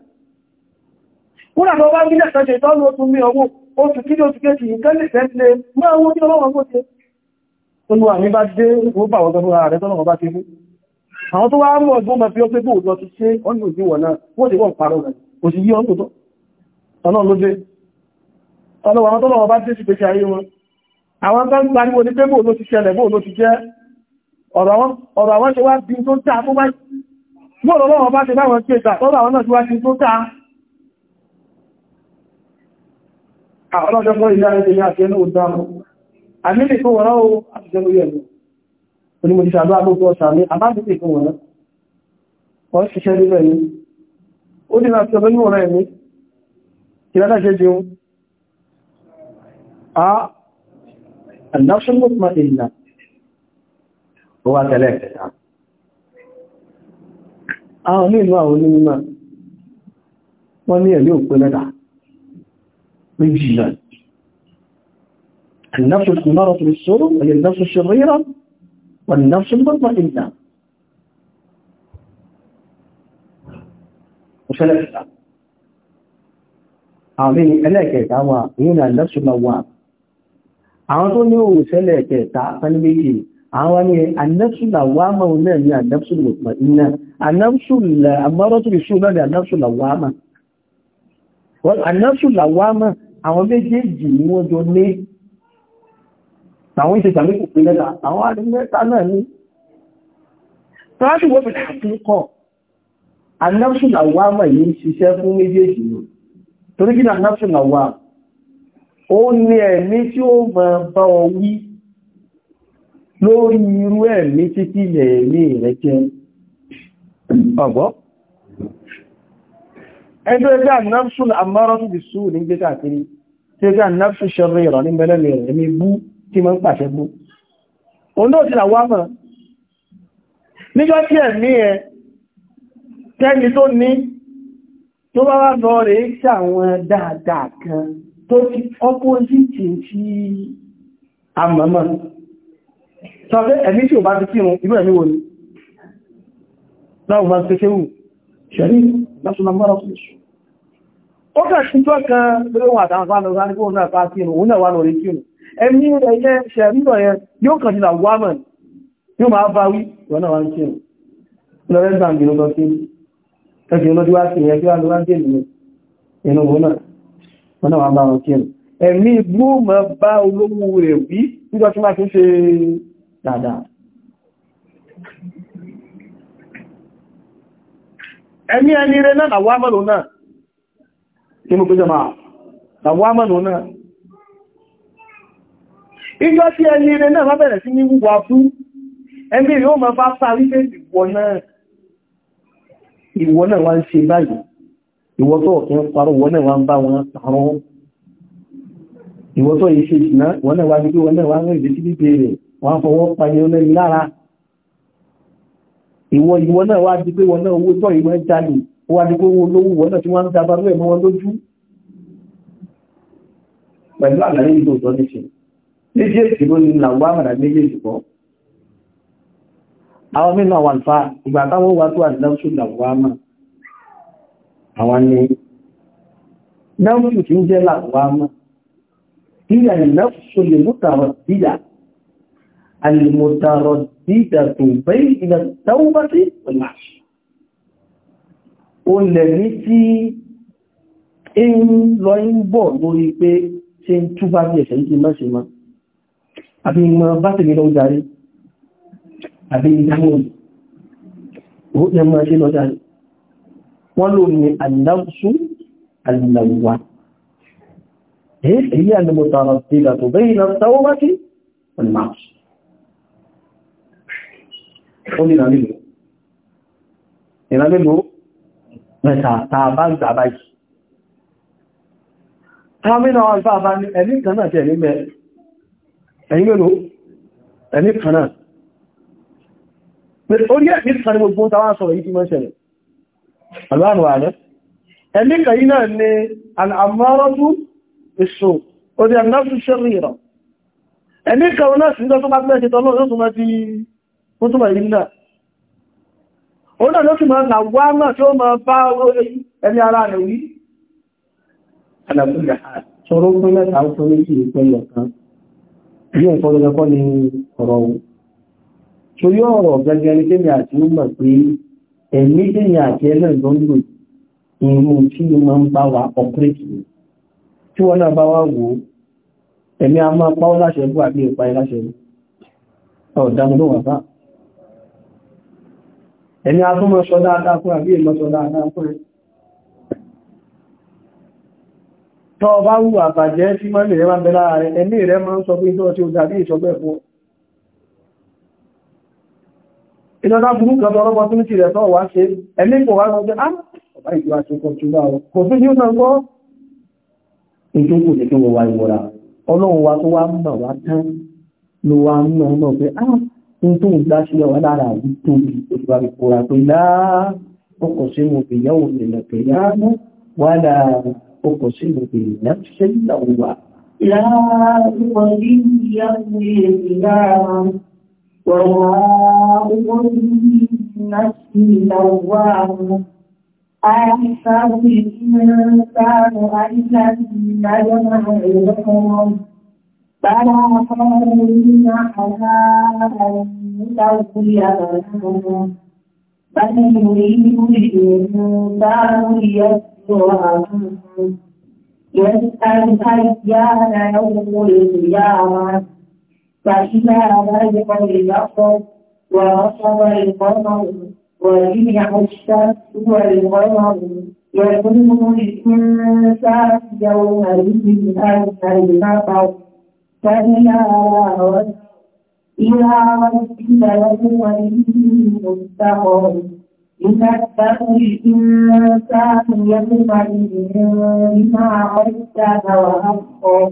S1: Kúrò àwọn bá ń gílẹ̀ sọ́ṣe ìtọ́nù ó tún mí ọwọ́, ó tún kí ó tún kéjì nǹkan lè fẹ́ lè máa wó kí ọlọ́wọ́ kó ṣe. Olúwa mi bá dé ó bà wọ́n tọ́lú ààrẹ tọ́lọ́wọ́ bá ṣe fún. Àwọn tó wá mú ọgbọ́n mọ̀ fi ó pé bóò lọ ti ṣe ọ́nà òjú wọ̀n náà, wọ́n ti wọ́n parọ́ rẹ̀, kò sí yí ọ́n tó tọ́. Ọlọ́run ló dé. Ọlọ́wọ́ àwọn tọ́lọ́wọ́ bá dé sí pé ṣe ayé wọn. Àwọn tó ń pariwo ní pé bóò ló ti ṣẹlẹ̀, bóò ló ti jẹ́, ọ̀rọ̀ àwọn ṣe wá bí tó ń tàà tó bá mọ́rọ̀ lọ́wọ́ bá ṣe báwọn kí ẹ̀ta ọ̀rọ̀ àwọn náà ṣe wá bí tó tàà ọlọ́jọ́gbọ́ ìlànà ìyá àti ẹnu òdámọ́ àmìlì tó wọ́n ó àtìjẹ́lú yẹ̀lú onímọ̀dí ṣàdó àgbógbó ṣàmì àbájútì tó wọ́n ó ṣiṣẹ́ lílọ yìí ó dínà tí ọmọ ìwọ̀n هو ثلاثة آه مين واو مين ما ومية ليو بلدع ويجينا النفس الأمارة للسلم هي النفس الشريرة والنفس المطمئنة وثلاثة آه مين ألاكة هنا النفس الموام عادوا نيو سلاكة تعطن بيجينا àwọn ni annafsula wà máa náà ní annafsula mọ̀tàmà iná annafsula amọ́rọ́tùrì ṣù náà ni annafsula wà máa annafsula wà máa àwọn méjèèjì ni wọ́n jọ lé àwọn ìṣẹ̀ṣà méjì pé lẹ́ta àwọn àdínmẹ́ta náà ní tọ́láṣùgbọ́n fi láàkínkọ̀ annafsula wà máa yìí ṣiṣẹ́ fún méjèèjì ni torí kí ni annafsula wà ó ní ẹ̀mí tí ó máa bá ọ wí lórí irú ẹ̀mí títí ilẹ̀ ẹ̀mí rẹ̀ jẹ́ ọgbọ́. ẹjọ́ ẹgbẹ́ ànáfṣùn àmọ́rọ́tù bí sùúrù ní gbé káàkiri tí ẹgbẹ́ ànáfṣùn ṣẹ̀rọ ìrọ̀ ní mẹ́lẹ́mẹ́ ẹ̀mí bú tí ma ń pàṣẹ bú. òun náà ti là wá mọ̀ nígbà tí ẹ̀mí ẹ tẹ́ni tó ní tó bá wá lọ rèé ṣàwọn dáadáa kan tó ti ọpọ́sìtì sí sọ́fẹ́ ẹ̀mí tí ò bá ti kírun irú ẹ̀mí wo ni láwọn bá ti ṣe wù ṣẹ̀rí lásùnàmọ́ra fúnṣù ó kà ṣíjọ́ kan lórí wọn àtàwọn àpá lọ́wọ́ nígbò náà bá kírun òun náà wà lórí kírun ẹ̀mí rẹ̀ yẹ ṣẹ̀rí lọ yẹ yóò kàn jìnà wámọ̀ yóò máa bá wí wọn náà wá ń kírun lọ́rẹ́ gbàǹgì ló lọ sí ẹ̀sìn lọ́dí wá sí ẹ̀kí wá lọ́wọ́ ń kírun inú wọn náà wọn náà wá bá wọn kírun ẹ̀mí gbó mọ̀ bá olówó rẹ̀ wí nígbà tí wọ́n ti ṣe dáadáa ẹni ẹni rẹ̀ náà àwọn àmàlò náà kí mú ma máa àwọn àmàlò náà ìjọ tí ẹni náà ma bá sáré pé ìwọ náà ìwọ náà wá ń ṣe báyìí ìwọ tó ọ̀kẹ́ ń náà wá ń wọn ṣe wọ́n fọwọ́ pàyẹ olórin lára ìwọ ìwọ náà wá di pé wọ́n náà owó tọ́ ìwọ ń jalè wá di pé wọ́n lówó wọ́n náà tí wọ́n ń dábàrú ẹ̀ mọ́ wọn lójú pẹ̀lú àlàyé ìlú òtọ́ níṣe méjèèjì ló ní làwọn àmàrà méjèèjì pọ̀ àwọn mìíràn wà fà ìgbà táwọn wà tó àdáwọ̀sùn làwọn àmà àwọn ni náà fi ń jẹ́ làwọn àmà ìyà ìnáfùsùn lè mú tàwọn ìyà المترددة بين التوبة والمعصية olẹ̀rí tí ń lọ ń bọ̀ lórí pé ṣe ń túbá bí ẹ̀ṣẹ̀ yìí má ṣe má àbí ìmọ̀ bá tèmi lọ jàrí àbí ìdáhùn ó yẹ máa ṣe lọ jàrí wọ́n ló ní àdáwùsú àlùmọ̀wà èyí àlùmọ̀tàrà ó ní ìrànlélò ìrànlélò mẹ́ta tàbá gbàbá yìí tàbínà àgbà bá ní ẹni kan náà tẹ̀lé mẹ́ ẹ̀yìn mẹ́lò ẹni kan náà orí ẹ̀mí kan ní gbogbo tàwà sọ̀rọ̀ yìí tí mọ́ ṣẹlẹ̀ alwánu ààrẹ ẹni kan yìí náà ni al'amọ́rọ́dún ìṣò ó di annáfíṣẹ́ rírọ̀ ẹni kan náà sí ó túnmọ̀ ìlà òun náà ló sì máa nà wá náà tí ó máa bá ẹni ara rẹ̀ wí alàbúgbà ṣọ́rọ̀ fún mẹ́ta ó fún méjì ìpẹ́lẹ̀ kan bí ẹ̀kọ́ lọ́kọ́ ni ọ̀rọ̀ ohun tó yọ ọ̀rọ̀ gẹ́gẹ́ ní kémi àti ó mọ̀ pé ẹ̀mí kémi àti ẹlẹ́ ìdọ́nlò ìrù tí ó máa a máa pa ọ́ àbí ìpa ẹ láṣẹ ọ̀dánilówà ẹni a tó mọ́ sọ dáadáa fún àbí ìmọ́ dáadáa fún ẹ tọ́ bá wù àbàjẹ́ sí mọ́ lè rẹ́ máa rẹ̀ ẹni rẹ̀ máa ń sọ pé ìjọ́ tí ah, ó dàbí ìṣọ́gbẹ̀ fún ìjọdá burú lọ́dọ̀ ọlọ́pọ̀ ọ tó ń dá sílẹ̀ wà lára àbí tó bí òṣùwà ìpòrà pé láà ọkọ̀ sí mo fi yẹ́wò ìrìnà pé yáàmú wà láà ọkọ̀ sí mo fi ìrìnà ṣe ìlàwà
S2: Àyàṣà ìrìnà sáàrùn àìsàn ìrìnà فلا خارجين على بل يريد يسأل أيان يوم القيامة فإذا برق البصر ورصد القمر وجمع الشمس والقمر يكون الإنسان يومئذ أين المطر فإلى إلى ربك يوم المستقر يكفر الإنسان يومئذ بما قدم وأخر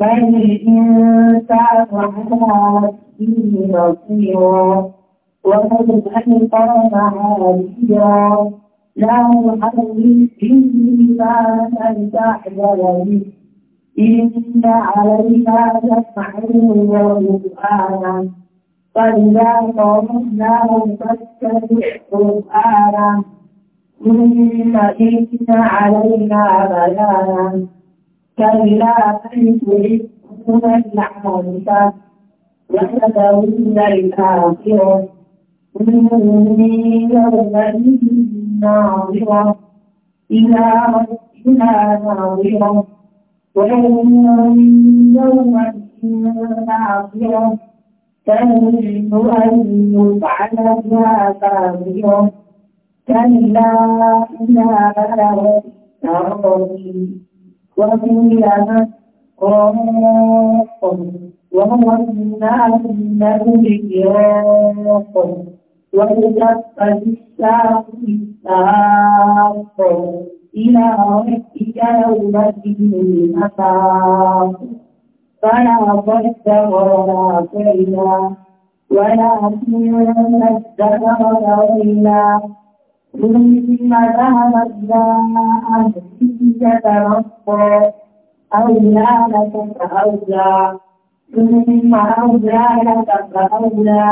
S2: بل الإنسان على ربه بصيرا وقد ألقى معاذيرا لا يحرك به لسانا لتحذر به إن علينا جمعه وقرآنا فإذا قرأناه فاتبع قرآنا ثم إن علينا بيانا كلا كيف يكون العاصفة وتذرون الآخرة إني يومئذ ناظرة إلى ربها ناظرة ويوم يوم الناصرة تنزل أن يفعل بها فاضية كلا إذا بلغت التراضي وقيل مسقاط وظن أنه الفراق وإذا الساق بالساق إلى ربك يومئذ المساق فلا صدق ولا صلى ولكن كذب وتولى ثم ذهب إلى أهله يترقى أولى لك فأولى ثم أولى لك فأولى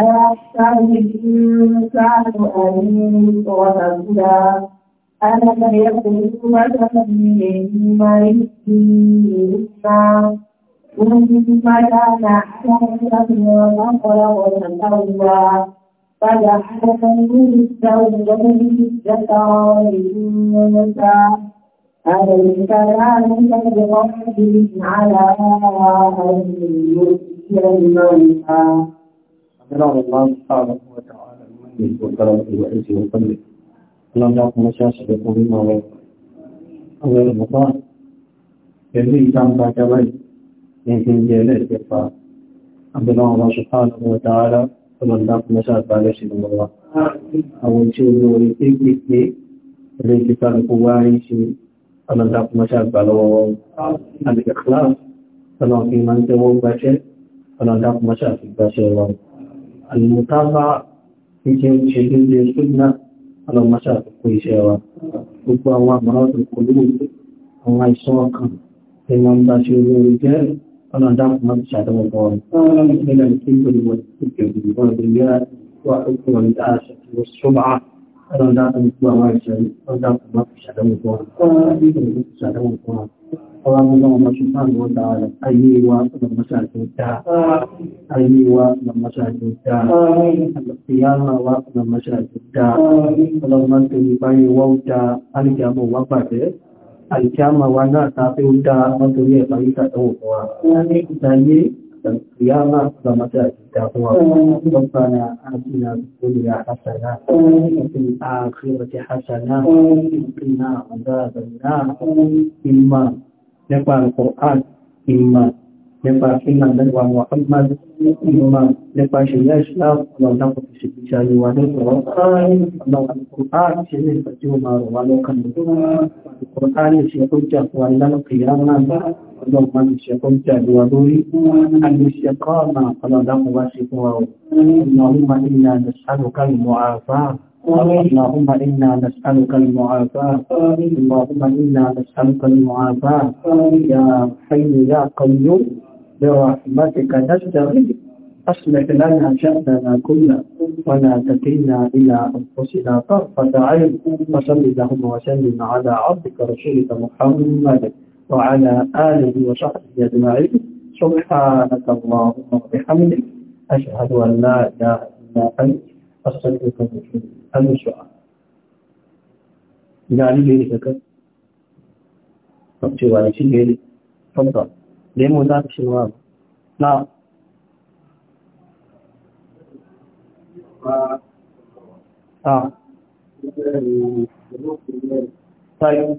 S2: أيحسب الإنسان أن يترك ألم يكن أمة مما يهدي ثم كان على وقر وتقوى فجعل منه الزوجين الذكر والأنثى أليس ذلك بقدر على أن يؤتي الموتى أمر الله سبحانه وتعالى
S1: من يذكره وأنت وقلبه ọlọ́dọ́kùnrin ṣáṣẹ̀lẹ̀ fún mímọ̀ rẹ̀. Ọwọ́ ìmọ̀pá pẹ̀lú ìjàmbá jábá yìí ní jẹ́ ẹlẹ́ẹ̀kẹfà. Abdullahi wa subhanahu wa ta'ala ọlọ́dọ́kùnrin ṣáṣẹ̀lẹ̀ sí lọ́wọ́ wa. Àwọn tí ó lórí pé pé ilé ti kálukú wá rí sí ọlọ́dọ́kùnrin ṣáṣẹ̀lẹ̀ lọ́wọ́ wọn. Àbíkẹ́ kíláà ọlọ́fin máa ń tẹ́wọ́ gbaṣẹ́ ọlọ́dọ́kùnrin ṣáṣẹ̀lẹ̀ gbaṣẹ́ wọn. Àlùmọ́tàbà ti jẹ́ ìṣèlú ilé ṣúgbọ́n ọlọ́mọṣà kó iṣẹ́ wa gbogbo àwọn àmọ́ràn kò ló àwọn àìsàn ọkàn tí wọ́n ń bá ṣe olórí jẹ́ ọ̀nà dáàbò máa ti ṣàdánwò bọ̀ ní gbogbo àwọn àìsàn ọ̀nà dáàbò máa ti ṣàdánwò ọlọ́run lọ́wọ́ subhanahu wa ta'ala ayé wa ọlọ́mọṣáàjò dáa ayé wa ọlọ́mọṣáàjò dáa ìyáàmà wa ọlọ́mọṣáàjò dáa ọlọ́mọ tó ní báyé wọ́n dáa alìjàmọ̀ wá bàjẹ́ alìjàmọ̀ wa náà tàbí ó dáa wọ́n torí ẹ̀báyé tàtọ́wọ̀ fún القيامة ومتى تتقوى ربنا آتنا في الدنيا حسنة وفي الآخرة حسنة وقنا عذاب النار إما نقرأ القرآن إما nípa fíìmà lẹ́wà Muhammad ìmọ̀ nípa ṣìyà Islam lọ́lápọ̀ ti ṣe ìṣà ìwà lẹ́wọ̀n Al-Qur'an ṣe ní ìfẹ́ tí ó máa rọ̀ اللهم máa ń ṣe kó ń tẹ̀ àdúrà اللهم إنا نسألك المعافاة اللهم إنا نسألك المعافاة اللهم إنا نسألك المعافاة يا حي يا قيوم برحمتك نستغيث أصلح لنا شأننا كله ولا تكلنا إلى أنفسنا طرفة عين وصل اللهم وسلم على عبدك رسولك محمد وعلى آله وصحبه أجمعين سبحانك اللهم وبحمدك أشهد أن لا إله إلا أنت أستغفرك وأتوب إليك يعني ليه ذكر طب تفضل ليه مو ذاك شنو نعم اه طيب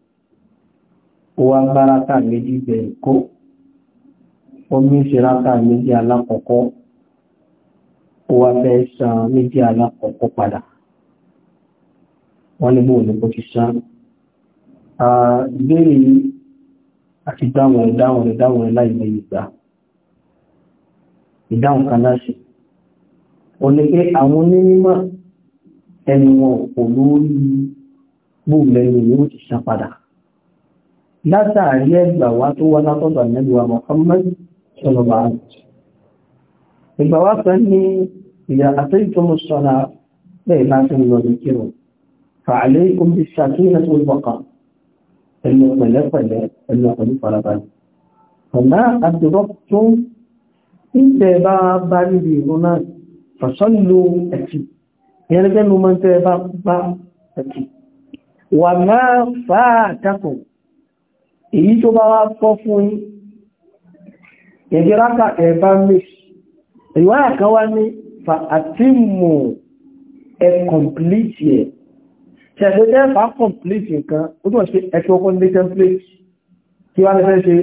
S1: wa báraka méjì bẹ̀rẹ̀ kó omi ìṣẹ́ráka méjì alákọ̀ọ́kọ́ wa fẹ́ san méjì alákọ̀ọ́kọ́ padà wọ́n ní bóòlù kó ti san ìbéèrè àti dáwọn ìdáwọn ìdáwọn láìlẹ̀ ìgbà ìdáhùn kan láṣẹ o ní pé àwọn onímọ̀ ẹni wọn kò lórí gbóòlẹ́ni yóò ti san padà látàrí ẹgbà wá tó wá látọ̀dọ̀ nẹ́gbà Muhammad sọlọ̀bà ìgbà wá kan ní ìyà àtẹ́ìtọ́mù sọ́nà bẹ́ẹ̀ láti lọ ní kírò fàálẹ́ ìkúnbí sàkíyàn tó bọ́kà ẹnu pẹ̀lẹ́pẹ̀lẹ́ ẹnu ọ̀pẹ̀lú farabalẹ̀ ọ̀nà àdìrọ́pù ìtẹ̀ bá bá níbi ìrún náà fàṣọ́lù ẹ̀tì ìyẹn máa fàá takùn èyí tó bá wá pọ́ fún yí ẹgbẹ́ rákà ẹ̀bá méjì ìwáyà kan wá ní fa àtímù ẹ kọ̀mplíìtì ẹ̀ ṣẹ̀fẹ́ jẹ́ fa kọ̀mplíìtì nǹkan ó tún ṣe ẹ̀fẹ́ ọkọ̀ ní template kí wá lẹ́fẹ́ ṣe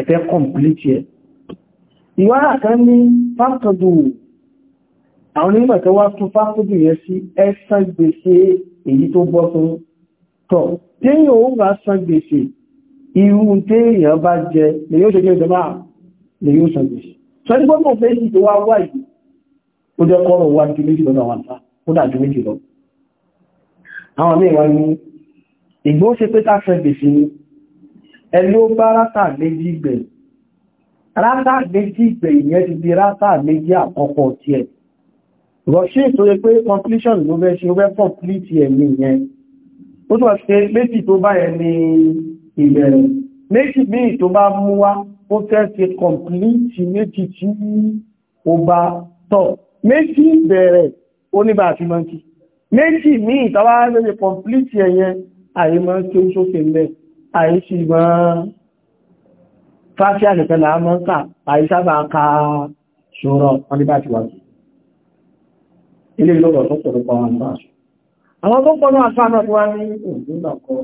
S1: ẹ̀fẹ́ kọ̀mplíìtì ẹ̀ ìwáyà kan ní fákọ̀dù àwọn onímọ̀ tó wá tún fákọ̀dù yẹn sí ẹ̀sán gbèsè èyí tó bọ́ fún tọ̀ téèyàn ó wá irú tí èèyàn bá jẹ lè yóò ṣe jẹ́ máa lè yóò sọ jẹ́ sọ ní gbogbo fèsì tó wá wà yìí ó jẹ́ kọ́rọ̀ wá ju méjì lọ́nà wọn ta ó dà ju méjì lọ àwọn míì wá ní ìgbó ṣe pé táṣẹ gbèsè ni ẹni ó bá rátà méjì gbẹ̀ rátà méjì gbẹ̀ ìyẹn ti di rátà méjì àkọ́kọ́ tiẹ̀ rọ̀ṣẹ́ tó yẹ pé completion ló fẹ́ ṣe ó fẹ́ complete ẹ̀mí yẹn ó tún wá ṣe méjì tó bá yẹn ni ìbẹ̀rẹ̀ méjì míì tó bá mú wá ó fẹ́ ṣe kọ̀m̀plíìtì méjì tí ó bá tọ̀ méjì bẹ̀rẹ̀ ó ní bá àti máa ń kí méjì míì tàbá lóye kọ̀m̀plíìtì ẹ̀yẹn àyè máa ń kí ó sókè mẹ́ àyè sì máa fásíà nìkan là á máa ń kà àyè sábà ka ṣòro wọn ní bá ti wà sí ilé ìlọ́rọ̀ tó pọ̀lọpọ̀ àwọn àṣà àwọn tó pọ̀ náà àṣà náà ni wá ní òǹdó náà kọ́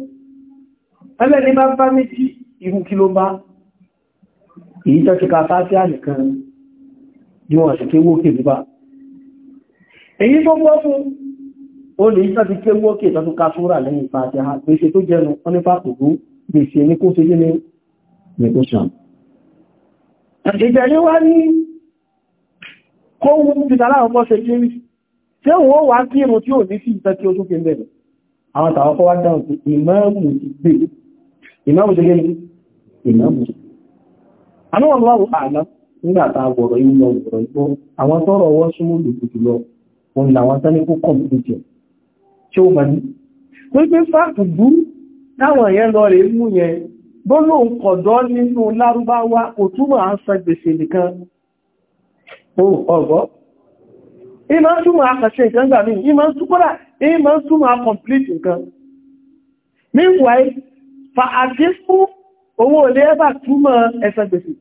S1: ẹlẹ́ni bá bá méjì irú kí ló bá èyí tó ti kàfà sí ànìkan ní wọ́n sì kéwó kè bá èyí tó gbọ́ fún o lè tó ti kéwó kè tó ká súrà lẹ́yìn pàtẹ́ ha gbèsè tó jẹnu wọ́n ní pàkùkú gbèsè ní kó sílé ní mẹ́kúsàn ìjẹ̀lé wá ní kó wọ́n ti tàlá ọmọ ṣe kéré tí wọ́n wá kírun tí ò ní sí ìtẹ́ tí ó tún fi ń bẹ̀rẹ̀ àwọn tàwọn kọ́ wá dáhùn sí ìmọ̀ ìmáàmù ṣe gẹ́ni ìmáàmù àwọn ọlọ́wọ́ àná nígbàtà àwọ̀rọ̀ ìlọ ọ̀rọ̀ ìgbó àwọn tọ́rọ ọwọ́ súnmọ́ lòdù jùlọ wọn làwọn tán ní kó kọ̀mpútì tí ó mọ̀ ní wípé fáàkì bú táwọn yẹn lọ rẹ̀ mú yẹn bọ́lọ̀ ń kọ̀dọ́ nínú lárúbáwá kò túmọ̀ à ń san gbèsè nìkan ọ̀gọ́ ìmọ̀ túmọ̀ àkàṣe nǹkan gbà mí ìmọ̀ túmọ̀ complete nǹkan meanwhile fa àdínkù owó olè ẹ́bà túmọ̀ ẹ̀sẹ̀ gbèsè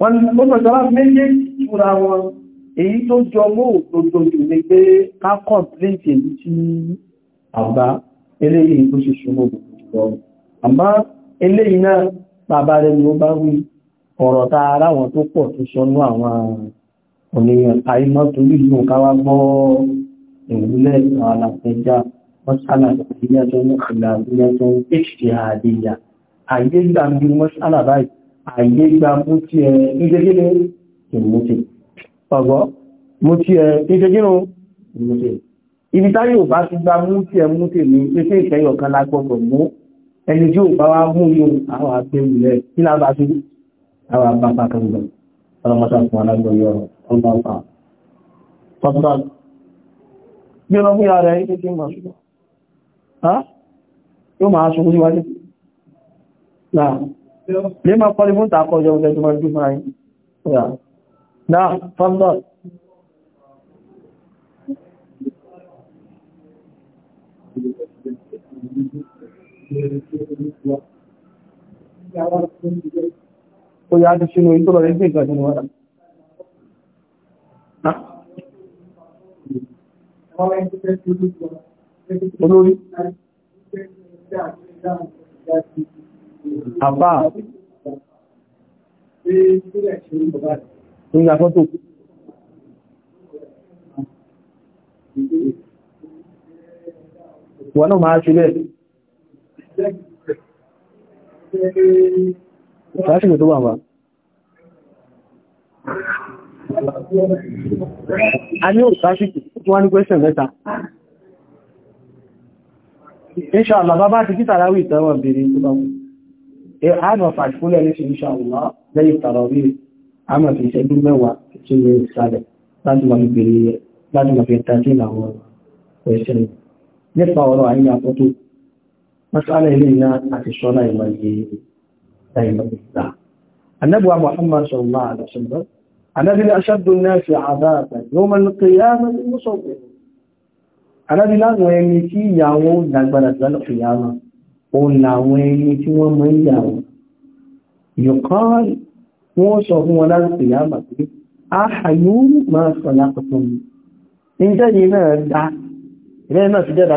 S1: wọ́n mọ̀sọ́lá méjèèjì túra wọn èyí tó jọ mọ́ òtòtò jù ní pé ká kọ̀pléǹtì èyí tí àbá eléyìí tó ṣe ṣùgbọ́n òkùnkùn lọ àmá eléyìí náà bàbá ọ̀rọ̀ matsala ìyájọ́ ìlàbíyájọ́ ìṣẹ́hàdìyà àyè gbà bí matsala báyìí àyè gbà mú tí ẹ ìdẹ́gẹ́gẹ́ ìmúti ọgbọ́ mú tí ẹ ìdẹ́gẹ́gẹ́ ìmúti ibi táyé ò bá ti gbà mú tí ẹ múti ní pẹ́sẹ́ ìkẹyọ̀ kan lágbọ́gbọ̀ mú ẹni tí ò bá wá mú yóò àwọn agbẹ́wùlẹ̀ kí lábá sí àwọn àbábá kan gbọ́ ọlọ́mọta fún alágbọ̀yọ̀ ọlọ́mọta Fọ́tọ́, bí ọlọ́gbìn ara ẹgbẹ́ tí ń gbà ṣùgbọ́n yóò máa ṣogún síwájú náà lè máa kọ́lé fún tàkọ́ ọjọ́ ọjọ́ ìjọba ìjọba ìjọba náà fọ́nbọ̀ ó yá ti ṣínú ìtọ́lọ̀ rẹ̀ gbé ìgbàjú
S2: wọ́n Thank you olórí
S1: àbá ìyà fọ́tò wọ́n náà máa ṣe bẹ́ẹ̀ Ìfàṣìkò tó wà wà. A ní òṣàṣìkò tó wá ní kwẹ́ṣẹ̀ mẹ́ta. Inṣàlá bá bá ti kí tàràwì ìtẹ́wọ̀n bèèrè tó bá wù. Ẹ àmà fàṣíkúlẹ̀ ní ṣe inṣàlá lẹ́yìn tàràwì àmà fi ṣẹ́gbú mẹ́wàá tí ó yẹ ìsàlẹ̀ láti máa fi bèèrè láti máa fi tàjí àwọn ẹ̀ṣẹ̀ nípa ọ̀rọ̀ àyíyà àkọ́tò. Mọ́sálẹ̀ محمد صلى الله عليه وسلم النبي أشد الناس عذابا يوم القيامة المصورين alábi láwọn ẹni tí ìyàwó dàgbàdà lọ́lọ́pù ìyàwó òun làwọn ẹni tí wọ́n mọ́ ìyàwó yọ̀kọ́ wọ́n sọ fún wọn lọ́lọ́pù ìyàwó pé àhàyú máa sọ lápùpù mi níjẹ́ yìí náà dá ilẹ̀ náà ti dẹ́dà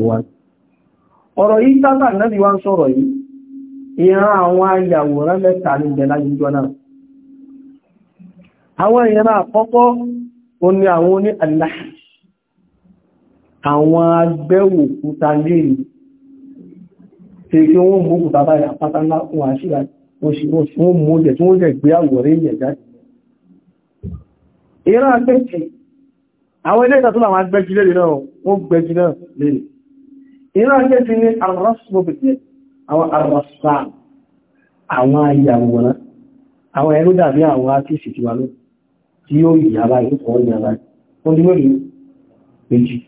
S1: nínú ọ̀rọ̀ yìí tátà nẹ́bí wá ń sọ̀rọ̀ yìí ìran àwọn ayàwòrán mẹ́ta ní ìjẹlá ìjọ náà àwọn ìran àkọ́kọ́ o ní àwọn oní aláà àwọn agbẹ́wò kúta léèrè tí kí wọ́n mú kúta báyà pátánlá wọ́n àṣíra wọ́n mú jẹ̀ tí wọ́n jẹ̀ gbé àwòrán yẹ̀ jáde ìran àgbẹ́jì àwọn ilé ìtàtúlà àwọn agbẹ́jì lè náà ìran ilé ti ní arọ́sọ́bìtì àwọn arọ́sọ́ àwọn ayàwòrán àwọn ẹ̀rọ dàbí àwọn artist ti wà ló tí yóò ìyàbá ìkọ̀ ìyàbá onímọ̀lú méjì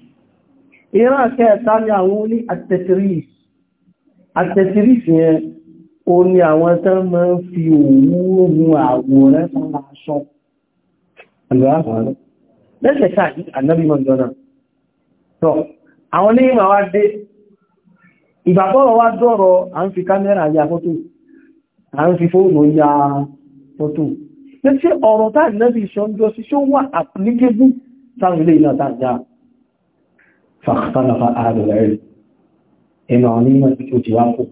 S1: ìran kẹta ni àwọn oní accessories accessories yẹn o ní àwọn tán máa ń fi òun àwòrán sára aṣọ lẹ́sẹ̀ káàkiri ànábìmọ̀ jọ náà tọ́ ìgbàtọ́rọ̀ wá dọ́rọ̀ à ń fi kámẹ́rà ya fọ́tò à ń fi fóònù ya fọ́tò tí tí ọ̀rọ̀ táà nẹ́bí ìṣọ́njọ́ sí ṣó wà applicable sáwọn ilé iná tàjá fàkàtàlàfà ààrẹ̀lẹ̀rẹ̀ ẹ̀nà onímọ̀ tí ó ti ni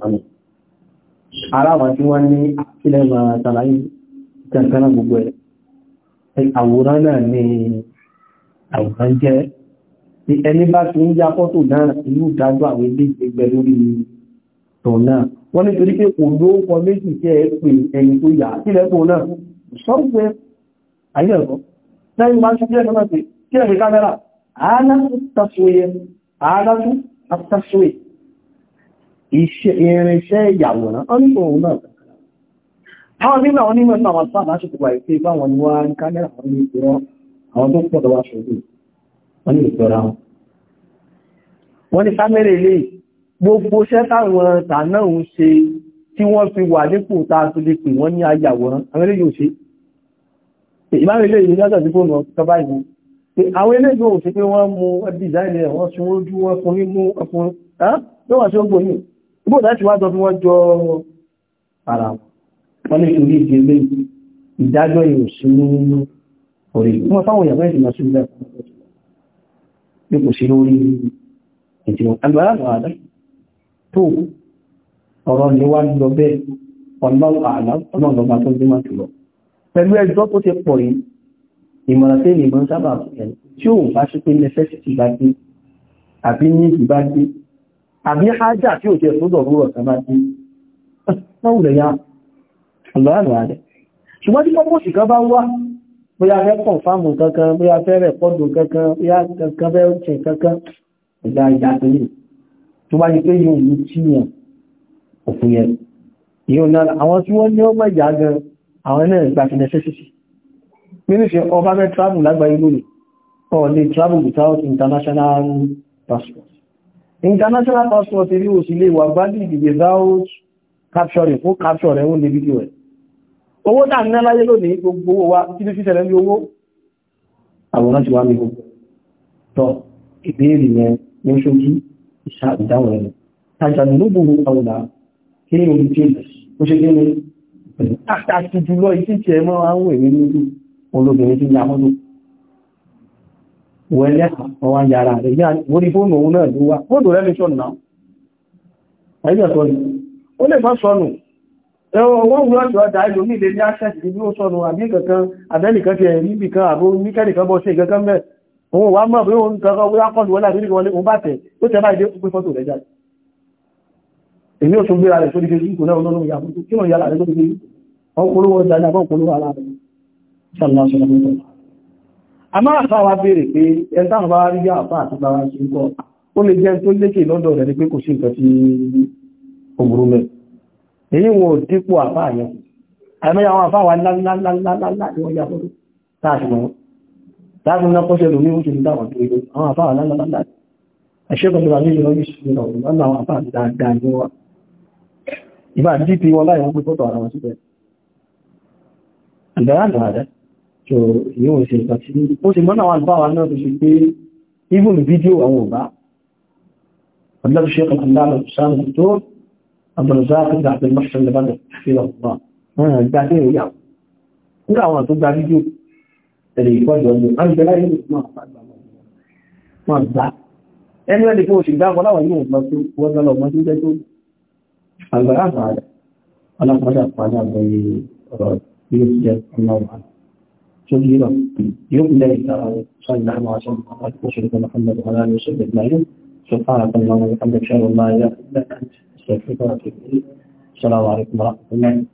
S1: àwòrán ní ẹni bá ti ń já fọ́tò náà ìlú ìdájọ́ àwọn ilé ìgbẹ́ lórí tọ̀nà wọ́n nítorí pé kò ló ń kọ méjì jẹ́ pé ẹni tó yà sílẹ̀ tó náà sọ́pẹ́ ayẹ́rọ lẹ́yìn bá ṣe jẹ́ lọ́nà pé kí ẹ̀rẹ̀ kámẹ́rà aláṣù tasóyẹ aláṣù tasóyẹ irinṣẹ́ ìyàwòrán ọ́nìkòrò náà àwọn nígbà wọn nígbà náà wọn sáà láṣùkú wà ìpé báwọn ni wọ́n á ní kámẹ́rà àwọn tó pọ̀ ṣòro wọ́n lè tọ́ra wọn wọ́n ní sámẹ́rẹ̀ ilé gbogbo iṣẹ́ táwọn tàná ń ṣe tí wọ́n fi wà nípò tààtù lè pè wọ́n ní ayàwòrán amẹ́rẹ̀ yóò ṣe ìbáwẹ̀ ilé ìlú lọ́jọ́ tí kò lọ tọba ìwò àwọn ilé ìgbò òṣè pé wọ́n mú ẹdìzáìnì ẹ̀ wọ́n sun ojú wọn fún nínú ọkùnrin ló wà sí ó gbòyìn ibò láti wá jọ bí wọ́n jọ ara wọn ní ìṣòrí ìdílé ìdájọ́ ìròsìn nínú orí wọn fáwọn ìyàwó ìdìmọ̀ sí ilẹ̀ ọkùnrin bí kò sí lórí ìtìmọ̀ agbára àdá tó ọ̀rọ̀ ni wá lọ bẹ́ẹ̀ ọ̀nà àlá ọ̀nà ọ̀lọ́gbà tó gbé máa jùlọ pẹ̀lú ẹjọ́ tó ti pọ̀ yìí ìmọ̀ràn tí ènìyàn ń sábà fẹ́ tí ó bá ṣe pé necessity bá dé àbí bóyá fẹ́ kọ̀nfàmù kankan bóyá fẹ́ rẹ̀kọ́dù kankan bóyá kankan fẹ́ ṣe kankan ìgbà ìjàtò yìí tó bá yí pé yóò mú tí yàn òfin yẹn yóò náà àwọn tí wọ́n ní ó mọ̀ ìyá gan àwọn náà gbà fi necessity mínísì ọba fẹ́ travel lágbàáyé lónìí ọ lè travel without international passport international passport rí òsì lè wà gbádùn ìdìbò without capturing fún capture rẹ̀ ó lè fídíò rẹ̀ owó tà ń ná láyé lónìí gbogbo wa títí sísẹ̀lẹ̀ ní owó àwòrán ti wá ní gbogbo tọ́ ìbéèrè yẹn ní ṣókí ìṣà ìdáhùn rẹ̀ tàjà lóbù àwòrán kí ní orí jẹ́ ó ṣe kí ní àtàkì jùlọ ìsìn tí ẹ mọ́ àwọn èmi lójú olóbìnrin tí ń yàmọ́ tó wẹ́lẹ́ àwọn yàrá rẹ̀ yá orí fóònù òun náà ló wá fóònù rẹ̀ mi sọ̀nù náà ẹ̀yẹ́ sọ̀nù ó lè má sọ̀nù ẹwọ wọ́n wúrọ̀ tí ọjà ìlòmí ilé ní access ní ó sọ̀rọ̀ àbí kankan abẹ́nìkan ti ẹ̀rí ibì kan àbó ní kẹ́nìkan bọ́ sí ìkankan mẹ́ òun wà mọ́ bí òun kankan wúrá kọ́lù wọ́n láti wọlé òun bá tẹ̀ ó tẹ́ báyìí ó pé fọ́tò rẹ̀ jáde èmi ò tún gbéra rẹ̀ sórí kejì ìkò náà olóòrùn ìyàwó kí wọ́n yára rẹ̀ lórí kejì wọ́n polówó ọjà ní àbọ̀n polówó ara rẹ̀ sọ́lọ́sọ́lọ́ a máa fa wa béèrè pé ẹn táwọn bá rí àfá àti bá wá sí ń kọ́ ó lè jẹ́ tó lékè lọ́dọ̀ rẹ̀ ni pé kò sí nǹkan tí òmùrú mẹ́rin èyí wọn dípò àfáà yẹn àmẹ́yà wọn láàrin wa náà عبد الرزاق بن عبد المحسن اللي بدأ حفظه الله أنا بعدين وياه nígbà àwọn tó gba fídíò tẹ̀lé ìpọ́jọ ọdún arìnbẹ̀lá yìí máa gbà ẹni ẹni fún òṣìgbà wọ́láwà yóò lọ sí wọ́gbọ́lọ ọmọ tó jẹ́ tó àgbàrá àgbàrá alápàdà padà bẹ̀rẹ̀ ọ̀rọ̀ yóò jẹ́ ọmọ wà tó yí lọ yóò lẹ́ ìtara sọ́yìn láàrín àwọn aṣọ́nà àwọn akẹ́kọ̀ọ́ ṣe أستغفرك وأتوب إليك السلام عليكم ورحمة الله